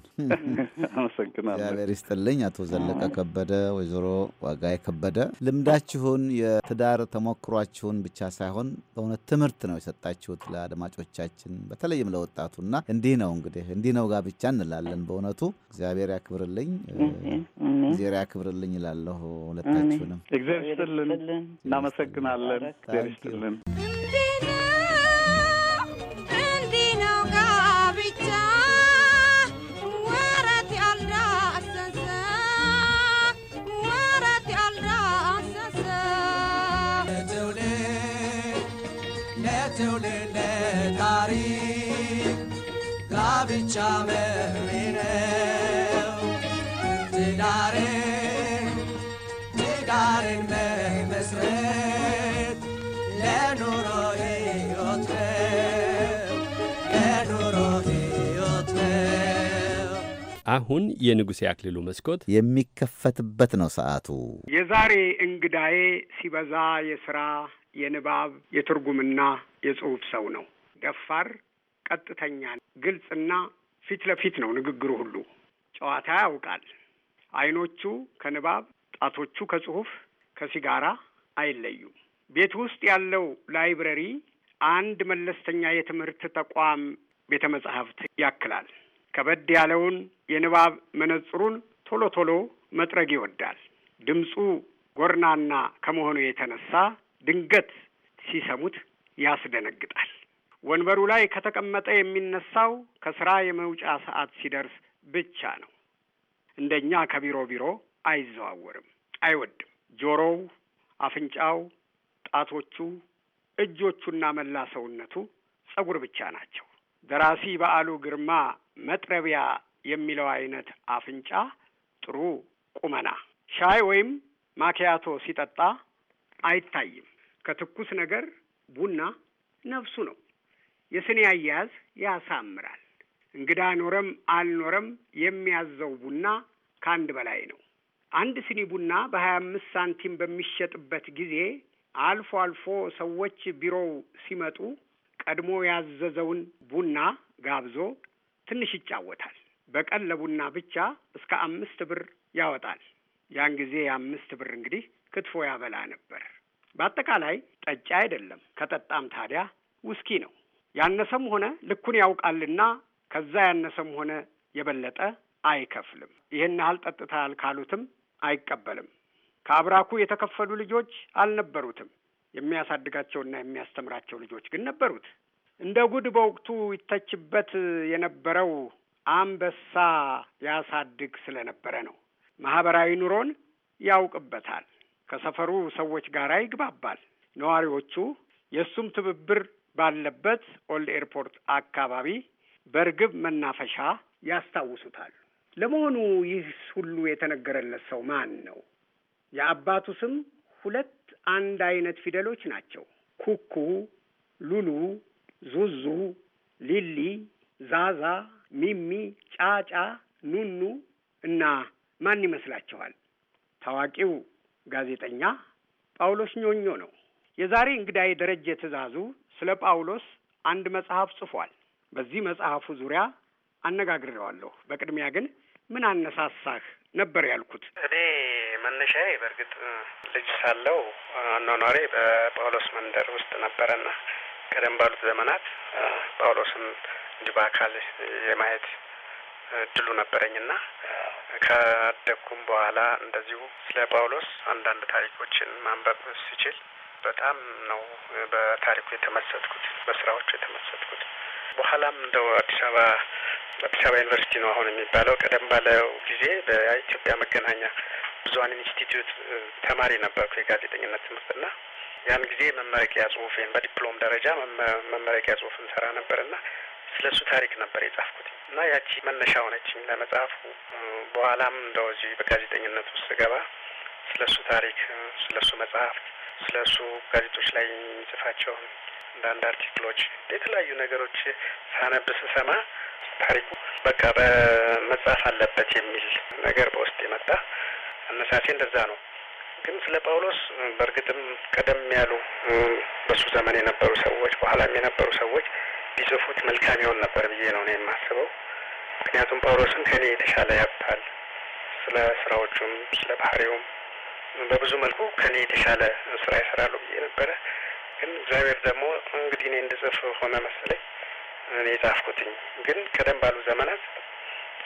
አመሰግናለሁ። እግዚአብሔር ይስጥልኝ። አቶ ዘለቀ ከበደ፣ ወይዘሮ ዋጋ ከበደ ልምዳችሁን፣ የትዳር ተሞክሯችሁን ብቻ ሳይሆን በእውነት ትምህርት ነው የሰጣችሁት ለአድማጮቻችን፣ በተለይም ለወጣቱና እንዲህ ነው እንግዲህ እንዲህ ነው ጋብቻ እንላለን። በእውነቱ እግዚአብሔር ያክብርልኝ፣ እግዚአብሔር ያክብርልኝ ይላለሁ ሁለታችሁንም። እግዚአብሔር ይስጥልን። እናመሰግናለን። Thank you. አሁን የንጉሴ አክሊሉ መስኮት የሚከፈትበት ነው ሰዓቱ። የዛሬ እንግዳዬ ሲበዛ የሥራ የንባብ የትርጉምና የጽሑፍ ሰው ነው። ደፋር፣ ቀጥተኛ፣ ግልጽና ፊት ለፊት ነው ንግግሩ ሁሉ። ጨዋታ ያውቃል። አይኖቹ ከንባብ ጣቶቹ ከጽሑፍ ከሲጋራ አይለዩም። ቤት ውስጥ ያለው ላይብረሪ አንድ መለስተኛ የትምህርት ተቋም ቤተ መጽሐፍት ያክላል። ከበድ ያለውን የንባብ መነጽሩን ቶሎ ቶሎ መጥረግ ይወዳል። ድምፁ ጎርናና ከመሆኑ የተነሳ ድንገት ሲሰሙት ያስደነግጣል። ወንበሩ ላይ ከተቀመጠ የሚነሳው ከስራ የመውጫ ሰዓት ሲደርስ ብቻ ነው። እንደኛ ከቢሮ ቢሮ አይዘዋወርም፣ አይወድም። ጆሮው፣ አፍንጫው፣ ጣቶቹ፣ እጆቹና መላ ሰውነቱ ጸጉር ብቻ ናቸው። ደራሲ በዓሉ ግርማ መጥረቢያ የሚለው አይነት አፍንጫ፣ ጥሩ ቁመና፣ ሻይ ወይም ማኪያቶ ሲጠጣ አይታይም። ከትኩስ ነገር ቡና ነፍሱ ነው። የስኒ አያያዝ ያሳምራል። እንግዳ ኖረም አልኖረም የሚያዘው ቡና ከአንድ በላይ ነው። አንድ ስኒ ቡና በሀያ አምስት ሳንቲም በሚሸጥበት ጊዜ አልፎ አልፎ ሰዎች ቢሮው ሲመጡ ቀድሞ ያዘዘውን ቡና ጋብዞ ትንሽ ይጫወታል። በቀን ለቡና ብቻ እስከ አምስት ብር ያወጣል። ያን ጊዜ የአምስት ብር እንግዲህ ክትፎ ያበላ ነበር። በአጠቃላይ ጠጪ አይደለም። ከጠጣም ታዲያ ውስኪ ነው። ያነሰም ሆነ ልኩን ያውቃልና ከዛ ያነሰም ሆነ የበለጠ አይከፍልም። ይህን ያህል ጠጥታ ካሉትም አይቀበልም። ከአብራኩ የተከፈሉ ልጆች አልነበሩትም። የሚያሳድጋቸውና የሚያስተምራቸው ልጆች ግን ነበሩት። እንደ ጉድ በወቅቱ ይተችበት የነበረው አንበሳ ያሳድግ ስለነበረ ነው። ማህበራዊ ኑሮን ያውቅበታል። ከሰፈሩ ሰዎች ጋር ይግባባል። ነዋሪዎቹ የእሱም ትብብር ባለበት ኦልድ ኤርፖርት አካባቢ በርግብ መናፈሻ ያስታውሱታል። ለመሆኑ ይህ ሁሉ የተነገረለት ሰው ማን ነው? የአባቱ ስም ሁለት አንድ አይነት ፊደሎች ናቸው። ኩኩ፣ ሉሉ፣ ዙዙ፣ ሊሊ፣ ዛዛ፣ ሚሚ፣ ጫጫ፣ ኑኑ እና ማን ይመስላችኋል? ታዋቂው ጋዜጠኛ ጳውሎስ ኞኞ ነው። የዛሬ እንግዳዬ ደረጀ ትእዛዙ ስለ ጳውሎስ አንድ መጽሐፍ ጽፏል። በዚህ መጽሐፉ ዙሪያ አነጋግሬዋለሁ። በቅድሚያ ግን ምን አነሳሳህ ነበር ያልኩት። እኔ መነሻዬ በእርግጥ ልጅ ሳለው አኗኗሬ በጳውሎስ መንደር ውስጥ ነበረና ቀደም ባሉት ዘመናት ጳውሎስን እንዲህ በአካል የማየት እድሉ ነበረኝና ካደግኩም በኋላ እንደዚሁ ስለ ጳውሎስ አንዳንድ ታሪኮችን ማንበብ ሲችል በጣም ነው በታሪኩ የተመሰጥኩት፣ በስራዎቹ የተመሰጥኩት። በኋላም እንደው አዲስ አበባ አዲስ አበባ ዩኒቨርሲቲ ነው አሁን የሚባለው። ቀደም ባለው ጊዜ በኢትዮጵያ መገናኛ ብዙሀን ኢንስቲትዩት ተማሪ ነበርኩ የጋዜጠኝነት ትምህርትና ያን ጊዜ መመረቂያ ጽሁፌን በዲፕሎም ደረጃ መመረቂያ ጽሁፍ እንሰራ ነበርና ስለ እሱ ታሪክ ነበር የጻፍኩት እና ያቺ መነሻ ሆነችኝ ለመጽሐፉ። በኋላም እንደዚህ በጋዜጠኝነት ውስጥ ስገባ ስለ እሱ ታሪክ፣ ስለ እሱ መጽሐፍት፣ ስለ እሱ ጋዜጦች ላይ የሚጽፋቸውን አንዳንድ አርቲክሎች፣ የተለያዩ ነገሮች ሳነብ ስሰማ ታሪኩ በቃ በመጽሐፍ አለበት የሚል ነገር በውስጥ የመጣ አነሳሴ እንደዛ ነው። ግን ስለ ጳውሎስ በእርግጥም ቀደም ያሉ በሱ ዘመን የነበሩ ሰዎች፣ በኋላም የነበሩ ሰዎች ቢጽፉት መልካም ይሆን ነበር ብዬ ነው የማስበው። ምክንያቱም ጳውሎስን ከኔ የተሻለ ያውቁታል። ስለ ስራዎቹም ስለ ባህሪውም በብዙ መልኩ ከኔ የተሻለ ስራ ይሰራሉ ብዬ ነበረ። ግን እግዚአብሔር ደግሞ እንግዲህ እኔ እንድጽፍ ሆነ መሰለኝ። እኔ የጻፍኩትኝ ግን ቀደም ባሉ ዘመናት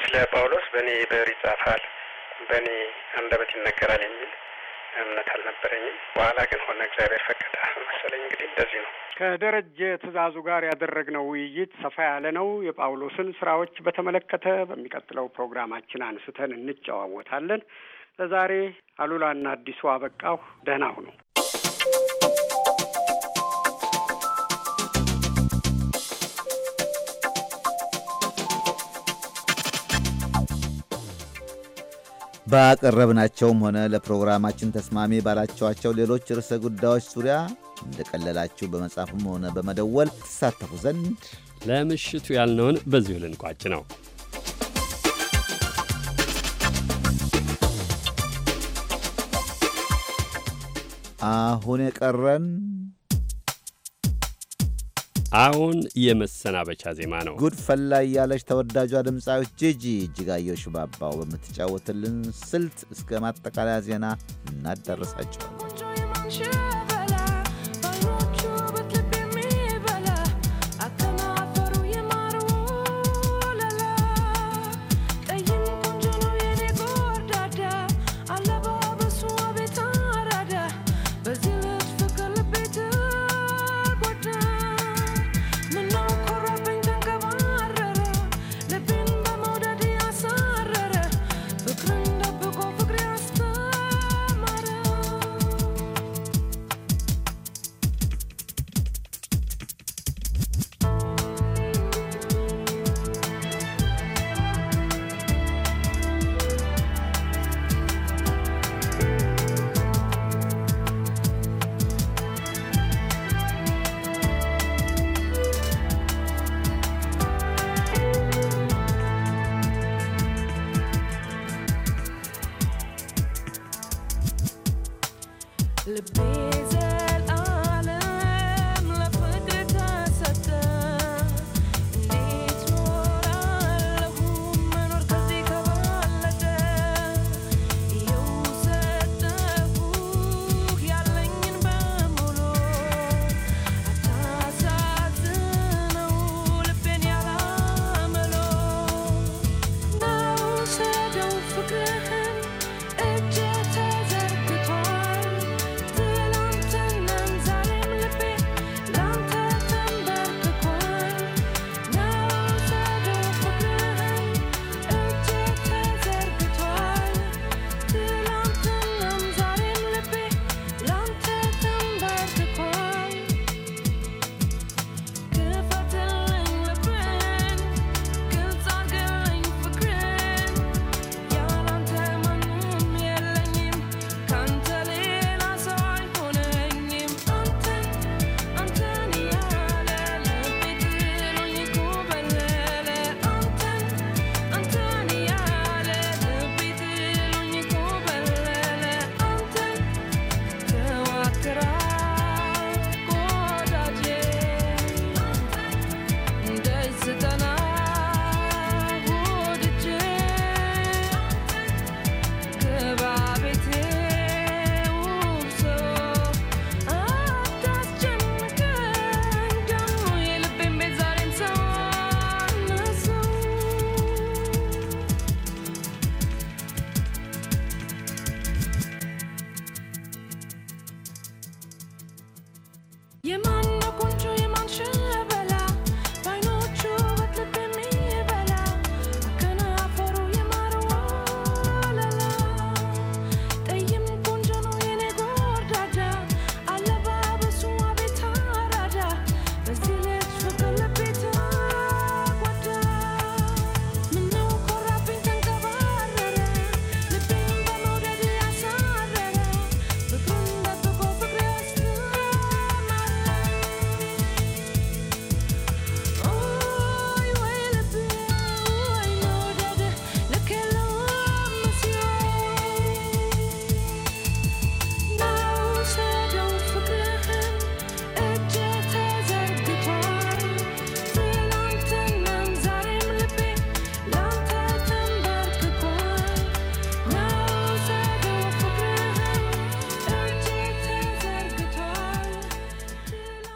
ስለ ጳውሎስ በእኔ ብዕር ይጻፋል፣ በእኔ አንደበት ይነገራል የሚል እምነት አልነበረኝም። በኋላ ግን ሆነ እግዚአብሔር ፈቀደ መሰለኝ። እንግዲህ እንደዚህ ነው። ከደረጀ ትእዛዙ ጋር ያደረግነው ውይይት ሰፋ ያለ ነው። የጳውሎስን ስራዎች በተመለከተ በሚቀጥለው ፕሮግራማችን አንስተን እንጨዋወታለን። ለዛሬ አሉላና አዲሱ አበቃሁ። ደህና ሁኑ። ባቀረብናቸውም ሆነ ለፕሮግራማችን ተስማሚ ባላቸዋቸው ሌሎች ርዕሰ ጉዳዮች ዙሪያ እንደቀለላችሁ በመጻፍም ሆነ በመደወል ትሳተፉ ዘንድ ለምሽቱ ያልነውን በዚሁ ልንቋጭ ነው። አሁን የቀረን አሁን የመሰናበቻ ዜማ ነው። ጉድ ፈላ እያለች ተወዳጇ ድምፃዊት ጂጂ እጅጋየሁ ሽባባው በምትጫወትልን ስልት እስከ ማጠቃለያ ዜና እናዳረሳቸዋለን። Le baiser.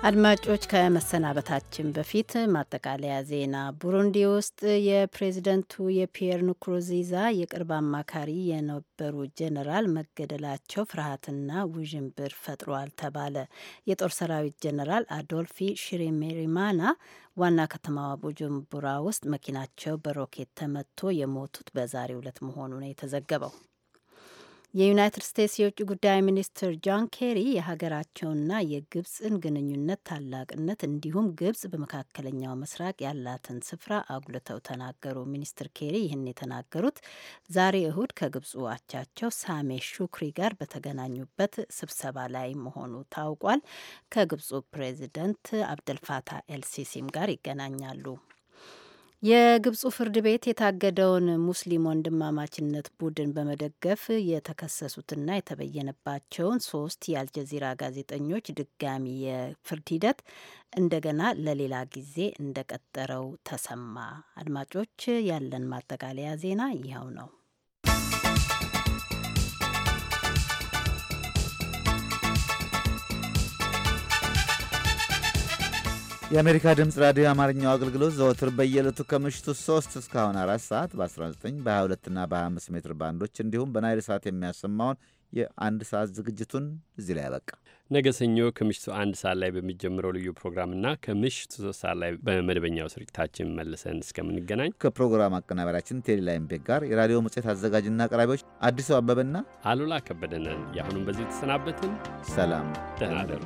አድማጮች ከመሰናበታችን በፊት ማጠቃለያ ዜና። ቡሩንዲ ውስጥ የፕሬዚደንቱ የፒየር ንኩሩንዚዛ የቅርብ አማካሪ የነበሩ ጀነራል መገደላቸው ፍርሃትና ውዥንብር ፈጥሯል ተባለ። የጦር ሰራዊት ጀነራል አዶልፊ ሽሪሜሪማና ዋና ከተማዋ ቡጁምቡራ ውስጥ መኪናቸው በሮኬት ተመቶ የሞቱት በዛሬው ዕለት መሆኑ ነው የተዘገበው። የዩናይትድ ስቴትስ የውጭ ጉዳይ ሚኒስትር ጆን ኬሪ የሀገራቸውና የግብፅን ግንኙነት ታላቅነት እንዲሁም ግብጽ በመካከለኛው ምስራቅ ያላትን ስፍራ አጉልተው ተናገሩ። ሚኒስትር ኬሪ ይህን የተናገሩት ዛሬ እሁድ ከግብፁ አቻቸው ሳሜ ሹክሪ ጋር በተገናኙበት ስብሰባ ላይ መሆኑ ታውቋል። ከግብፁ ፕሬዚደንት አብደልፋታ ኤልሲሲም ጋር ይገናኛሉ። የግብፁ ፍርድ ቤት የታገደውን ሙስሊም ወንድማማችነት ቡድን በመደገፍ የተከሰሱትና የተበየነባቸውን ሶስት የአልጀዚራ ጋዜጠኞች ድጋሚ የፍርድ ሂደት እንደገና ለሌላ ጊዜ እንደቀጠረው ተሰማ። አድማጮች፣ ያለን ማጠቃለያ ዜና ይኸው ነው። የአሜሪካ ድምፅ ራዲዮ የአማርኛው አገልግሎት ዘወትር በየዕለቱ ከምሽቱ 3 እስካሁን 4 ሰዓት በ19 በ22 እና በ25 ሜትር ባንዶች እንዲሁም በናይል ሰዓት የሚያሰማውን የአንድ ሰዓት ዝግጅቱን እዚህ ላይ ያበቃ። ነገ ሰኞ ከምሽቱ አንድ ሰዓት ላይ በሚጀምረው ልዩ ፕሮግራምና ከምሽቱ ሶስት ሰዓት ላይ በመደበኛው ስርጭታችን መልሰን እስከምንገናኝ ከፕሮግራም አቀናበሪያችን ቴሌ ላይምቤክ ጋር የራዲዮ መጽሔት አዘጋጅና አቅራቢዎች አዲሱ አበበና አሉላ ከበደነን የአሁኑም በዚህ የተሰናበትን። ሰላም ደህና ደሩ።